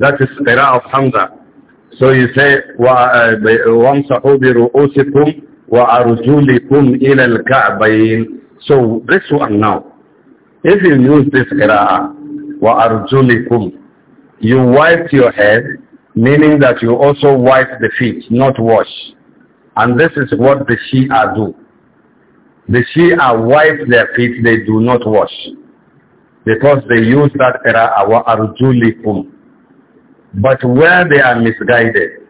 that is Qira of Hamza. So you say, وَأَمْسَحُوا بِرُؤُوسِكُمْ وَأَرْجُلِكُمْ إِلَى الْكَعْبَيْنِ So this one now. If you use this Qira'ah, وَأَرْجُلِكُمْ You wipe your head, meaning that you also wipe the feet, not wash. And this is what the Shia do. The Shia wipe their feet, they do not wash. Because they use that Qira'ah, وَأَرْجُلِكُمْ but where they are misguided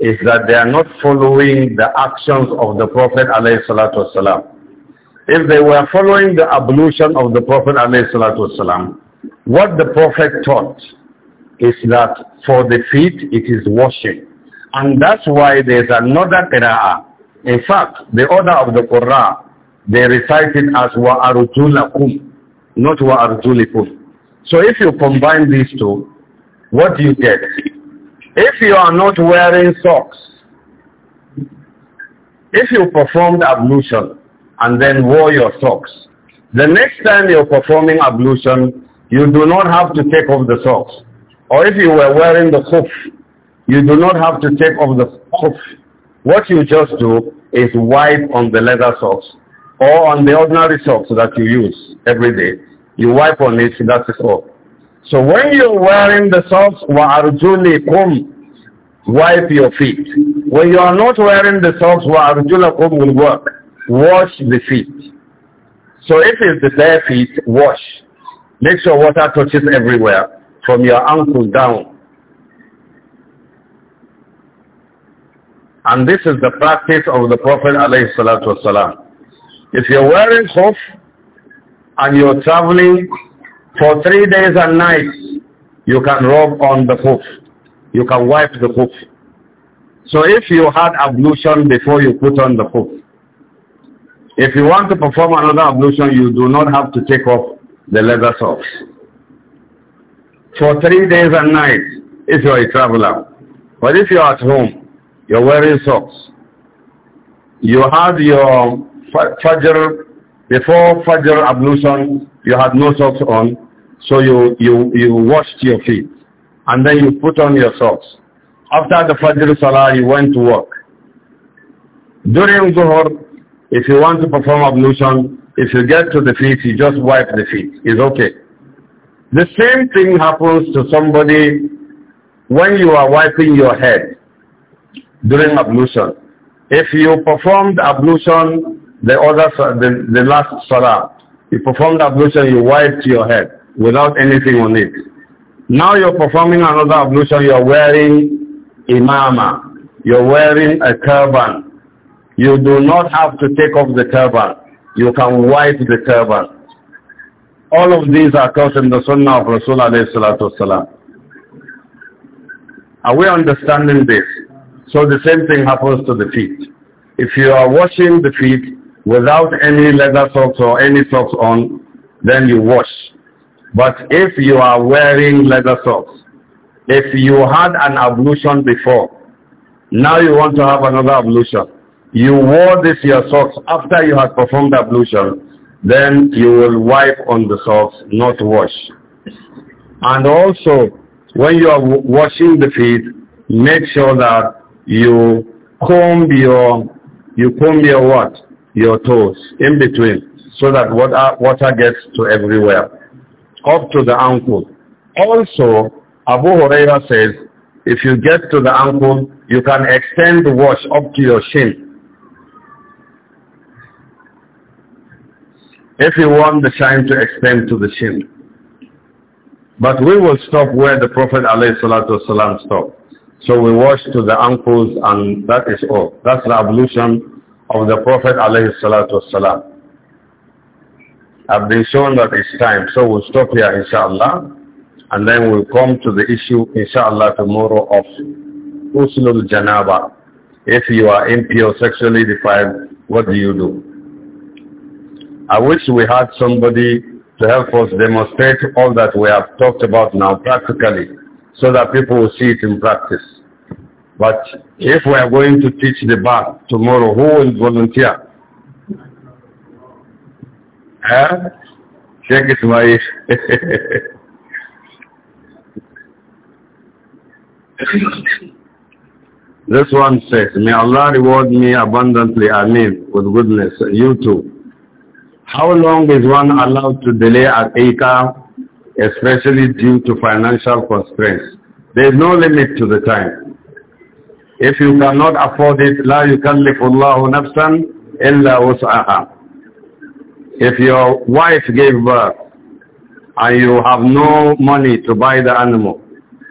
is that they are not following the actions of the Prophet ﷺ. If they were following the ablution of the Prophet ﷺ, what the Prophet taught is that for the feet it is washing. And that's why there's another qira'ah. In fact, the order of the Qur'an, they recite it as wa arjulakum, not wa arjulikum. So if you combine these two, what do you get? If you are not wearing socks, if you performed ablution and then wore your socks, the next time you're performing ablution, you do not have to take off the socks. Or if you were wearing the khuf, you do not have to take off the khuf. What you just do is wipe on the leather socks or on the ordinary socks that you use every day. You wipe on it, that is all. So when you're wearing the socks, وَأَرْجُلِكُمْ Wipe your feet. When you are not wearing the socks, وَأَرْجُلَكُمْ will work. Wash the feet. So if it's the bare feet, wash. Make sure water touches everywhere, from your ankle down. And this is the practice of the Prophet ﷺ. If you're wearing khuf and you're traveling for three days and nights, you can rub on the hoof. You can wipe the hoof. So if you had ablution before you put on the hoof, if you want to perform another ablution, you do not have to take off the leather socks. For three days and nights, if you are a traveler. But if you are at home, you're wearing socks. You have your Fajr before Fajr ablution, you had no socks on, so you, you, you washed your feet. And then you put on your socks. After the Fajr Salah, you went to work. During Zuhur, if you want to perform ablution, if you get to the feet, you just wipe the feet. It's okay. The same thing happens to somebody when you are wiping your head during ablution. If you performed ablution the other, the, the last salah, you performed ablution, you wiped your head without anything on it. Now you're performing another ablution, you're wearing imama, you're wearing a turban. You do not have to take off the turban. You can wipe the turban. All of these are taught in the sunnah of Rasulullah alayhi Are we understanding this? So the same thing happens to the feet. If you are washing the feet, without any leather socks or any socks on, then you wash. But if you are wearing leather socks, if you had an ablution before, now you want to have another ablution, you wore this your socks after you had performed ablution, then you will wipe on the socks, not wash. And also, when you are washing the feet, make sure that you comb your, you comb your what? your toes, in between, so that water, water gets to everywhere, up to the ankle. Also, Abu Huraira says, if you get to the ankle, you can extend the wash up to your shin. If you want the shine to extend to the shin. But we will stop where the Prophet ﷺ stopped. So we wash to the ankles and that is all. That's the ablution of the Prophet i have been shown that it's time. So we'll stop here inshallah and then we'll come to the issue inshallah tomorrow of Usulul Janaba. If you are impure, sexually defiled, what do you do? I wish we had somebody to help us demonstrate all that we have talked about now practically so that people will see it in practice. But if we are going to teach the bar tomorrow, who will volunteer? Huh? Check it, my... this one says, May Allah reward me abundantly, I mean, with goodness. You too. How long is one allowed to delay at Aika, especially due to financial constraints? There is no limit to the time. If you cannot afford it, لا يكلف الله نفسا إلا وسعها. If your wife gave birth and you have no money to buy the animal,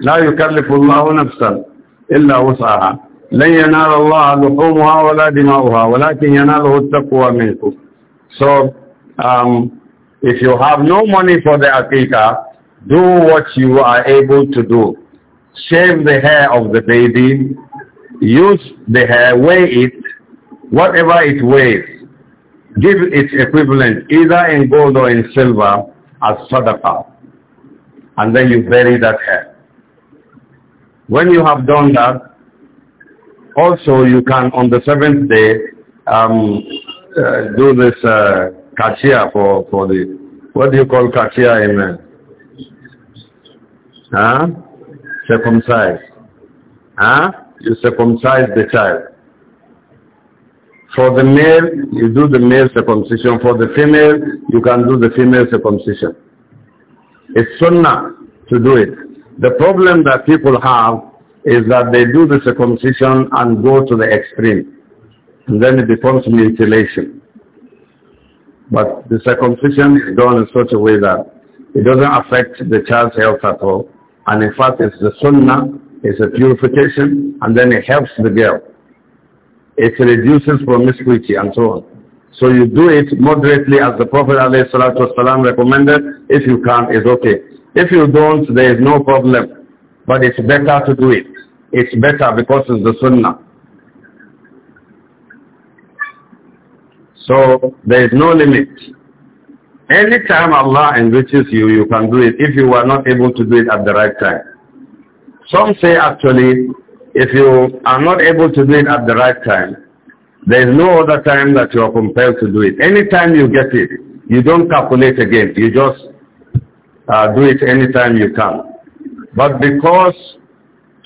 لا يكلف الله نفسا إلا وسعها. لن ينال الله لحومها ولا دماؤها ولكن يناله التقوى منكم. So, um, if you have no money for the akika, do what you are able to do. Shave the hair of the baby use the hair, weigh it, whatever it weighs, give its equivalent either in gold or in silver as sadaqah. And then you bury that hair. When you have done that, also you can on the seventh day um, uh, do this uh, kachia for, for the, what do you call kachia in, uh, huh? circumcised. Huh? you circumcise the child. For the male, you do the male circumcision. For the female, you can do the female circumcision. It's sunnah to do it. The problem that people have is that they do the circumcision and go to the extreme. And then it becomes mutilation. But the circumcision is done in such a way that it doesn't affect the child's health at all. And in fact, it's the sunnah it's a purification and then it helps the girl. It reduces promiscuity and so on. So you do it moderately as the Prophet ﷺ recommended. If you can, it's okay. If you don't, there is no problem. But it's better to do it. It's better because it's the sunnah. So there is no limit. Anytime Allah enriches you, you can do it if you were not able to do it at the right time. Some say actually, if you are not able to do it at the right time, there is no other time that you are compelled to do it. Anytime you get it, you don't calculate again. You just uh, do it anytime you can. But because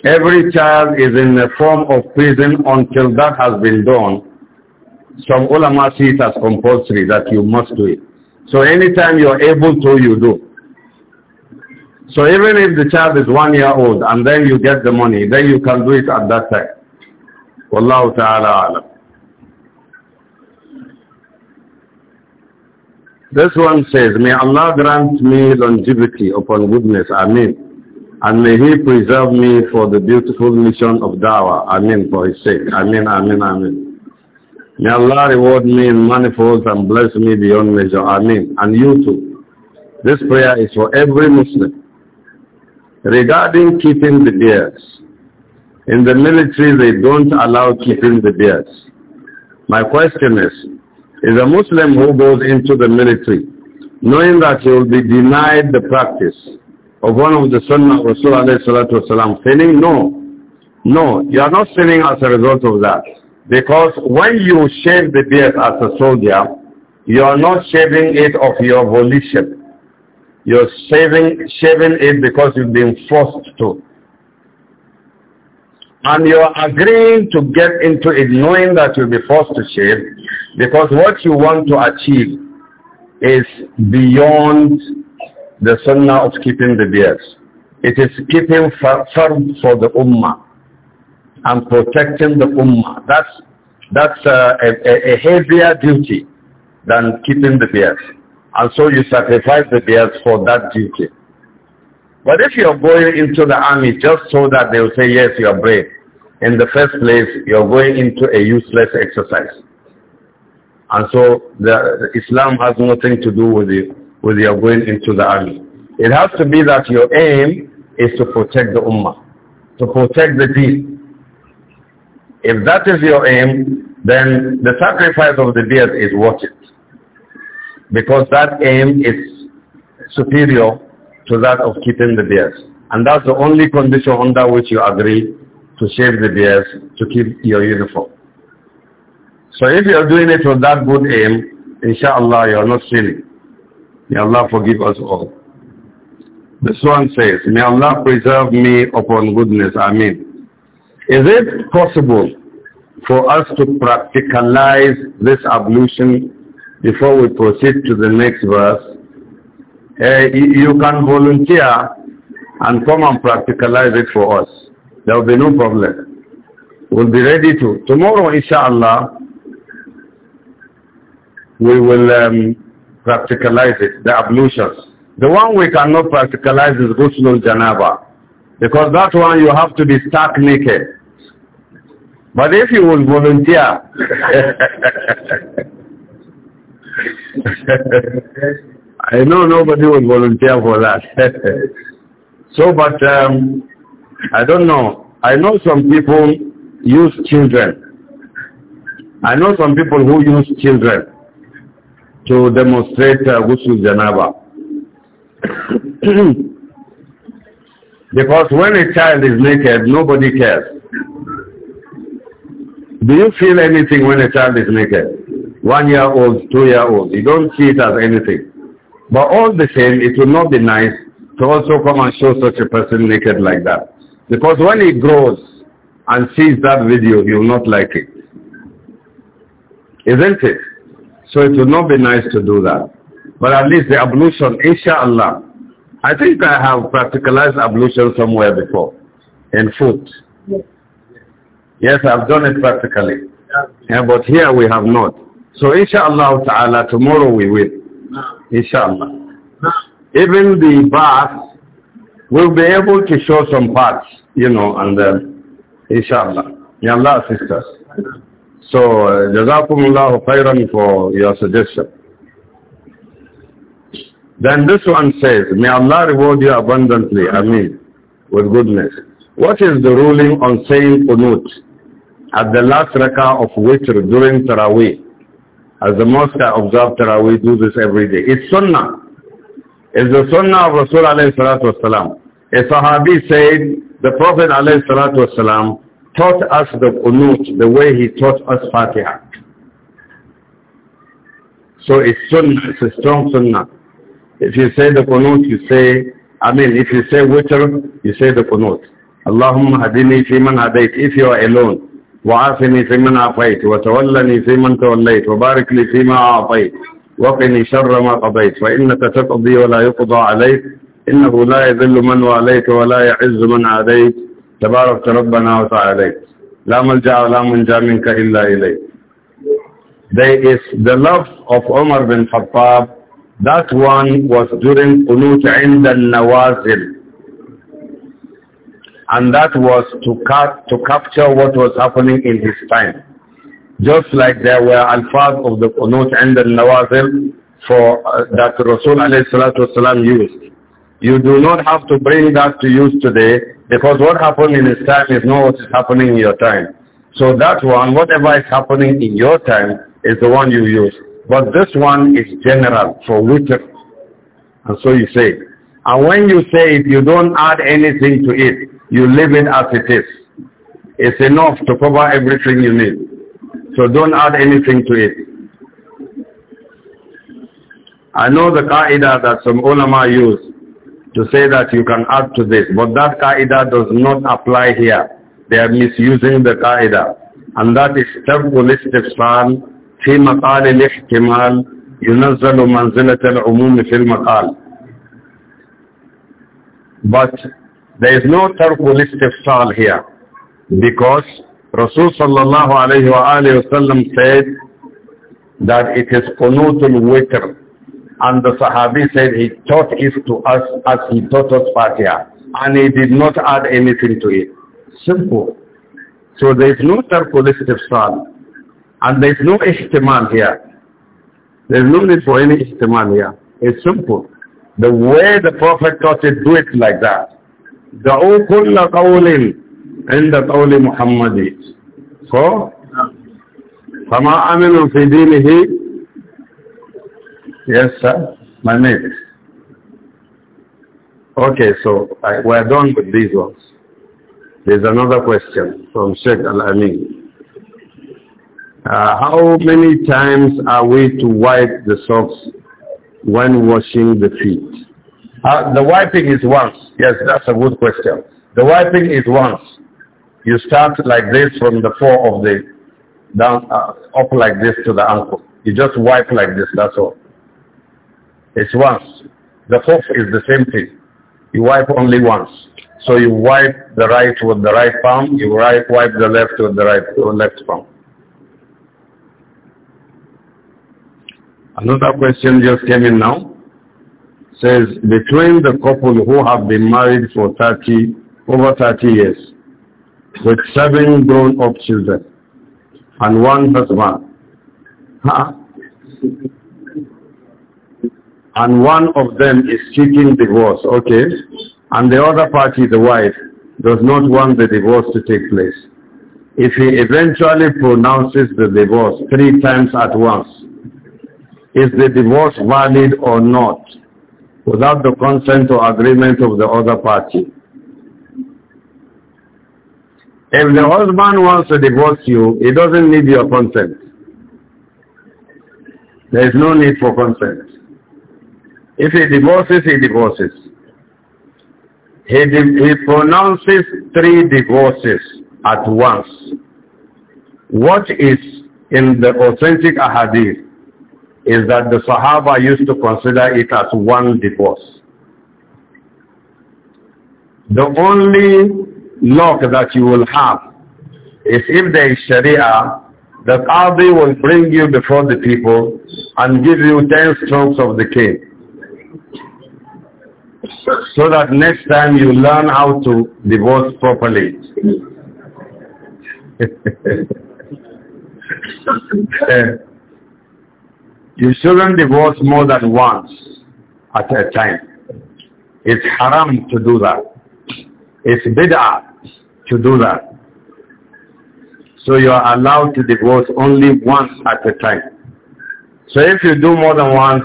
every child is in the form of prison until that has been done, some ulama see it as compulsory that you must do it. So anytime you are able to, you do. So even if the child is one year old and then you get the money, then you can do it at that time. Wallahu ta'ala alam. This one says, May Allah grant me longevity upon goodness. Ameen. And may He preserve me for the beautiful mission of Dawah. Ameen for His sake. Ameen, Ameen, Ameen. May Allah reward me in manifold and bless me beyond measure. Ameen. And you too. This prayer is for every Muslim. Regarding keeping the beards, in the military they don't allow keeping the beards. My question is, is a Muslim who goes into the military, knowing that he will be denied the practice of one of the sunnah of Rasulullah sinning? No. No, you are not sinning as a result of that. Because when you shave the beard as a soldier, you are not shaving it of your volition. You're shaving, shaving it because you've been forced to. And you're agreeing to get into it knowing that you'll be forced to shave because what you want to achieve is beyond the sunnah of keeping the beard. It is keeping firm for the ummah and protecting the ummah. That's, that's a, a, a heavier duty than keeping the beard. And so you sacrifice the bears for that duty. But if you're going into the army just so that they'll say, yes, you're brave, in the first place, you're going into a useless exercise. And so the, Islam has nothing to do with you, with your going into the army. It has to be that your aim is to protect the ummah, to protect the deen. If that is your aim, then the sacrifice of the beard is worth it because that aim is superior to that of keeping the bears. And that's the only condition under which you agree to shave the bears to keep your uniform. So if you're doing it with that good aim, inshallah you're not sinning. May Allah forgive us all. This one says, May Allah preserve me upon goodness. mean, Is it possible for us to practicalize this ablution before we proceed to the next verse, uh, you, can volunteer and come and practicalize it for us. There will be no problem. We'll be ready to. Tomorrow, inshallah, we will um, practicalize it, the ablutions. The one we cannot practicalize is Ghuslul Janaba. Because that one you have to be stark naked. But if you will volunteer, I know nobody would volunteer for that. so, but um, I don't know. I know some people use children. I know some people who use children to demonstrate uh, Janaba. because when a child is naked, nobody cares. Do you feel anything when a child is naked? one year old, two year old. You don't see it as anything. But all the same, it will not be nice to also come and show such a person naked like that. Because when he grows and sees that video, he will not like it. Isn't it? So it will not be nice to do that. But at least the ablution, inshallah. I think I have practicalized ablution somewhere before, in foot. Yes, I've done it practically. Yeah, but here we have not. So inshallah ta'ala, tomorrow we will. Inshallah. Even the bath, we'll be able to show some parts, you know, and then, inshallah. May Allah assist us. So, uh, Jazakumullah jazakumullahu khairan for your suggestion. Then this one says, may Allah reward you abundantly, Ameen, with goodness. What is the ruling on saying "unut" at the last rakah of witr during Taraweeh? As the mosque I observe Taraweeh, do this every day. It's sunnah. It's the sunnah of Rasul alayhi salatu wasalam. A sahabi said, the Prophet alayhi salatu wasalam taught us the qunut the way he taught us Fatiha. So it's sunnah, it's a strong sunnah. If you say the qunut, you say, I mean, if you say witr, you say the qunut. Allahumma hadini if you are alone. وعافني فيمن عافيت وتولني فيمن توليت وبارك لي فيما أعطيت وقني شر ما قضيت فإنك تقضي ولا يقضى عليك إنه لا يذل من واليت ولا يعز من عاديت تبارك ربنا وتعاليت لا ملجأ ولا منجا منك إلا إليك There is the love of Umar bin Khattab. That one was during Qunut عند النوازل. and that was to, to capture what was happening in his time. Just like there were alfaz of the Qunut and the Nawazil for uh, that Rasul والسلام, used. You do not have to bring that to use today because what happened in his time is not what is happening in your time. So that one, whatever is happening in your time is the one you use. But this one is general for witr. And so you say. And when you say it, you don't add anything to it. You leave it as it is. It's enough to cover everything you need. So don't add anything to it. I know the kaidah that some ulama use to say that you can add to this, but that kaidah does not apply here. They are misusing the kaidah, And that is ترك الاستفسار في مقال الاحتمال ينزل منزلة العموم في المقال. But there is no tarkul sal here because Rasul sallallahu alayhi wa alayhi said that it is qunutul witr and the Sahabi said he taught it to us as he taught us Fatiha and he did not add anything to it. Simple. So there is no tarkul sal, and there is no ihtimal here. There is no need for any ihtimal here. It's simple. The way the Prophet taught it, do it like that. دعوا كل قول عند قول محمد so فما أمن في دينه yes sir my name. okay so I, we're done with these ones there's another question from Sheikh Al-Amin uh, how many times are we to wipe the socks when washing the feet? Uh, the wiping is once. Yes, that's a good question. The wiping is once. You start like this from the fore of the, down, uh, up like this to the ankle. You just wipe like this, that's all. It's once. The fourth is the same thing. You wipe only once. So you wipe the right with the right palm, you wipe, wipe the left with the right with left palm. Another question just came in now says, between the couple who have been married for 30, over 30 years, with seven grown-up children and one husband. Huh? And one of them is seeking divorce, okay? And the other party, the wife, does not want the divorce to take place. If he eventually pronounces the divorce three times at once, is the divorce valid or not? without the consent or agreement of the other party. If the husband wants to divorce you, he doesn't need your consent. There is no need for consent. If he divorces, he divorces. He, di he pronounces three divorces at once. What is in the authentic ahadith is that the Sahaba used to consider it as one divorce. The only luck that you will have is if there is Sharia, the Qadi will bring you before the people and give you 10 strokes of the cane. So that next time you learn how to divorce properly. Eh. You shouldn't divorce more than once at a time. It's haram to do that. It's bid'ah to do that. So you are allowed to divorce only once at a time. So if you do more than once,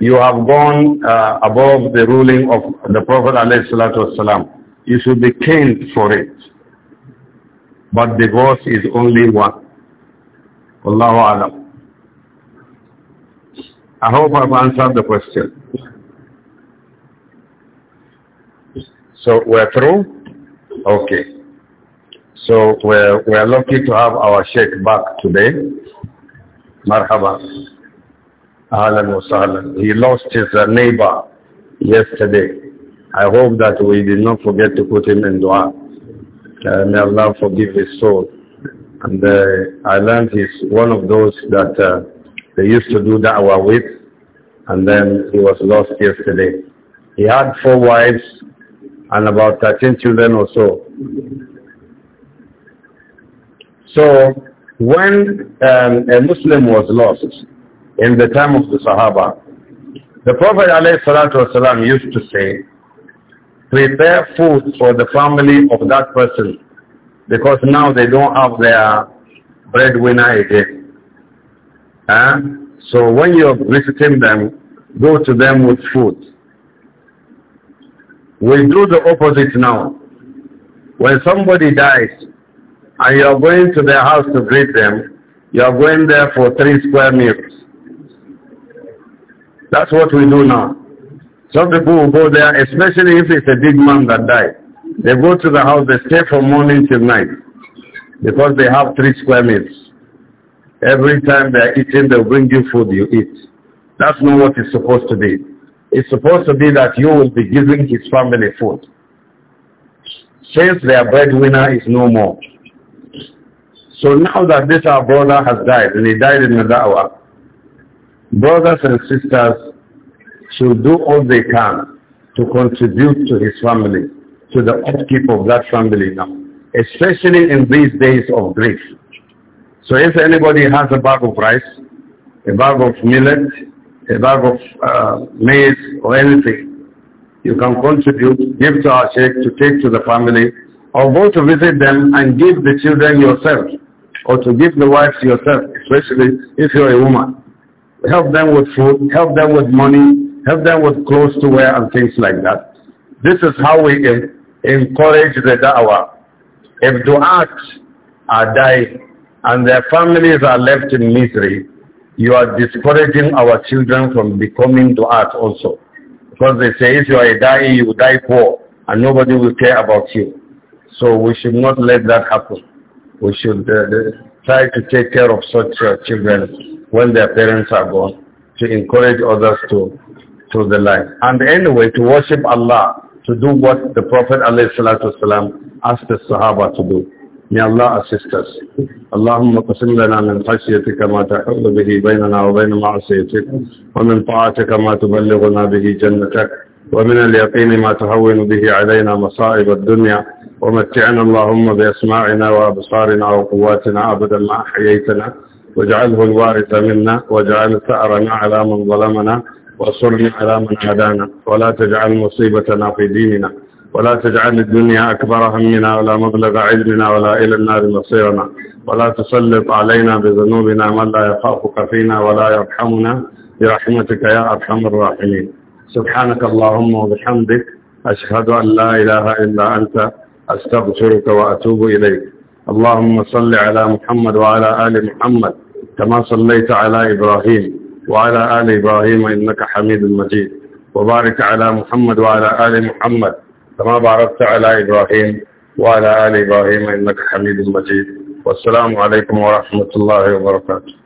you have gone uh, above the ruling of the Prophet ﷺ. You should be caned for it. But divorce is only one. Allahu Akbar. I hope I've answered the question. So we're through? Okay. So we're, we're lucky to have our sheikh back today. Marhaba. Ahlan wa He lost his uh, neighbor yesterday. I hope that we did not forget to put him in dua. Uh, may Allah forgive his soul. And uh, I learned he's one of those that uh, they used to do da'wah with, and then he was lost yesterday. He had four wives and about 13 children or so. So when um, a Muslim was lost in the time of the Sahaba, the Prophet ﷺ used to say, prepare food for the family of that person because now they don't have their breadwinner again. Huh? So when you're visiting them, go to them with food. We do the opposite now. When somebody dies and you're going to their house to greet them, you're going there for three square meals. That's what we do now. Some people will go there, especially if it's a big man that died. They go to the house, they stay from morning till night because they have three square meals. Every time they're eating, they'll bring you food, you eat. That's not what it's supposed to be. It's supposed to be that you will be giving his family food. Since their breadwinner is no more. So now that this our brother has died, and he died in Madawa, brothers and sisters should do all they can to contribute to his family, to the upkeep of that family now, especially in these days of grief. So if anybody has a bag of rice, a bag of millet, a bag of uh, maize or anything, you can contribute, give to our sheikh to take to the family or go to visit them and give the children yourself or to give the wives yourself, especially if you're a woman. Help them with food, help them with money, help them with clothes to wear and things like that. This is how we encourage the da'wah. If du'at are dying, and their families are left in misery, you are discouraging our children from becoming to us also. Because they say if you are a die, you die poor and nobody will care about you. So we should not let that happen. We should uh, uh, try to take care of such uh, children when their parents are gone to encourage others to, to the light. And anyway, to worship Allah, to do what the Prophet ﷺ asked the Sahaba to do. يا الله assist us. اللهم قسم لنا من خشيتك ما تحل به بيننا وبين معصيتك ومن طاعتك ما تبلغنا به جنتك ومن اليقين ما تهون به علينا مصائب الدنيا ومتعنا اللهم بأسماعنا وأبصارنا وقواتنا أبدا ما أحييتنا واجعله الوارث منا واجعل ثأرنا على من ظلمنا وانصرنا على من عدانا ولا تجعل مصيبتنا في ديننا ولا تجعل الدنيا أكبر همنا ولا مبلغ علمنا ولا إلى النار مصيرنا ولا تسلط علينا بذنوبنا من لا يخافك فينا ولا يرحمنا برحمتك يا أرحم الراحمين سبحانك اللهم وبحمدك أشهد أن لا إله إلا أنت أستغفرك وأتوب إليك اللهم صل على محمد وعلى آل محمد كما صليت على إبراهيم وعلى آل إبراهيم إنك حميد مجيد وبارك على محمد وعلى آل محمد كما باركت على إبراهيم وعلى آل إبراهيم إنك حميد مجيد والسلام عليكم ورحمة الله وبركاته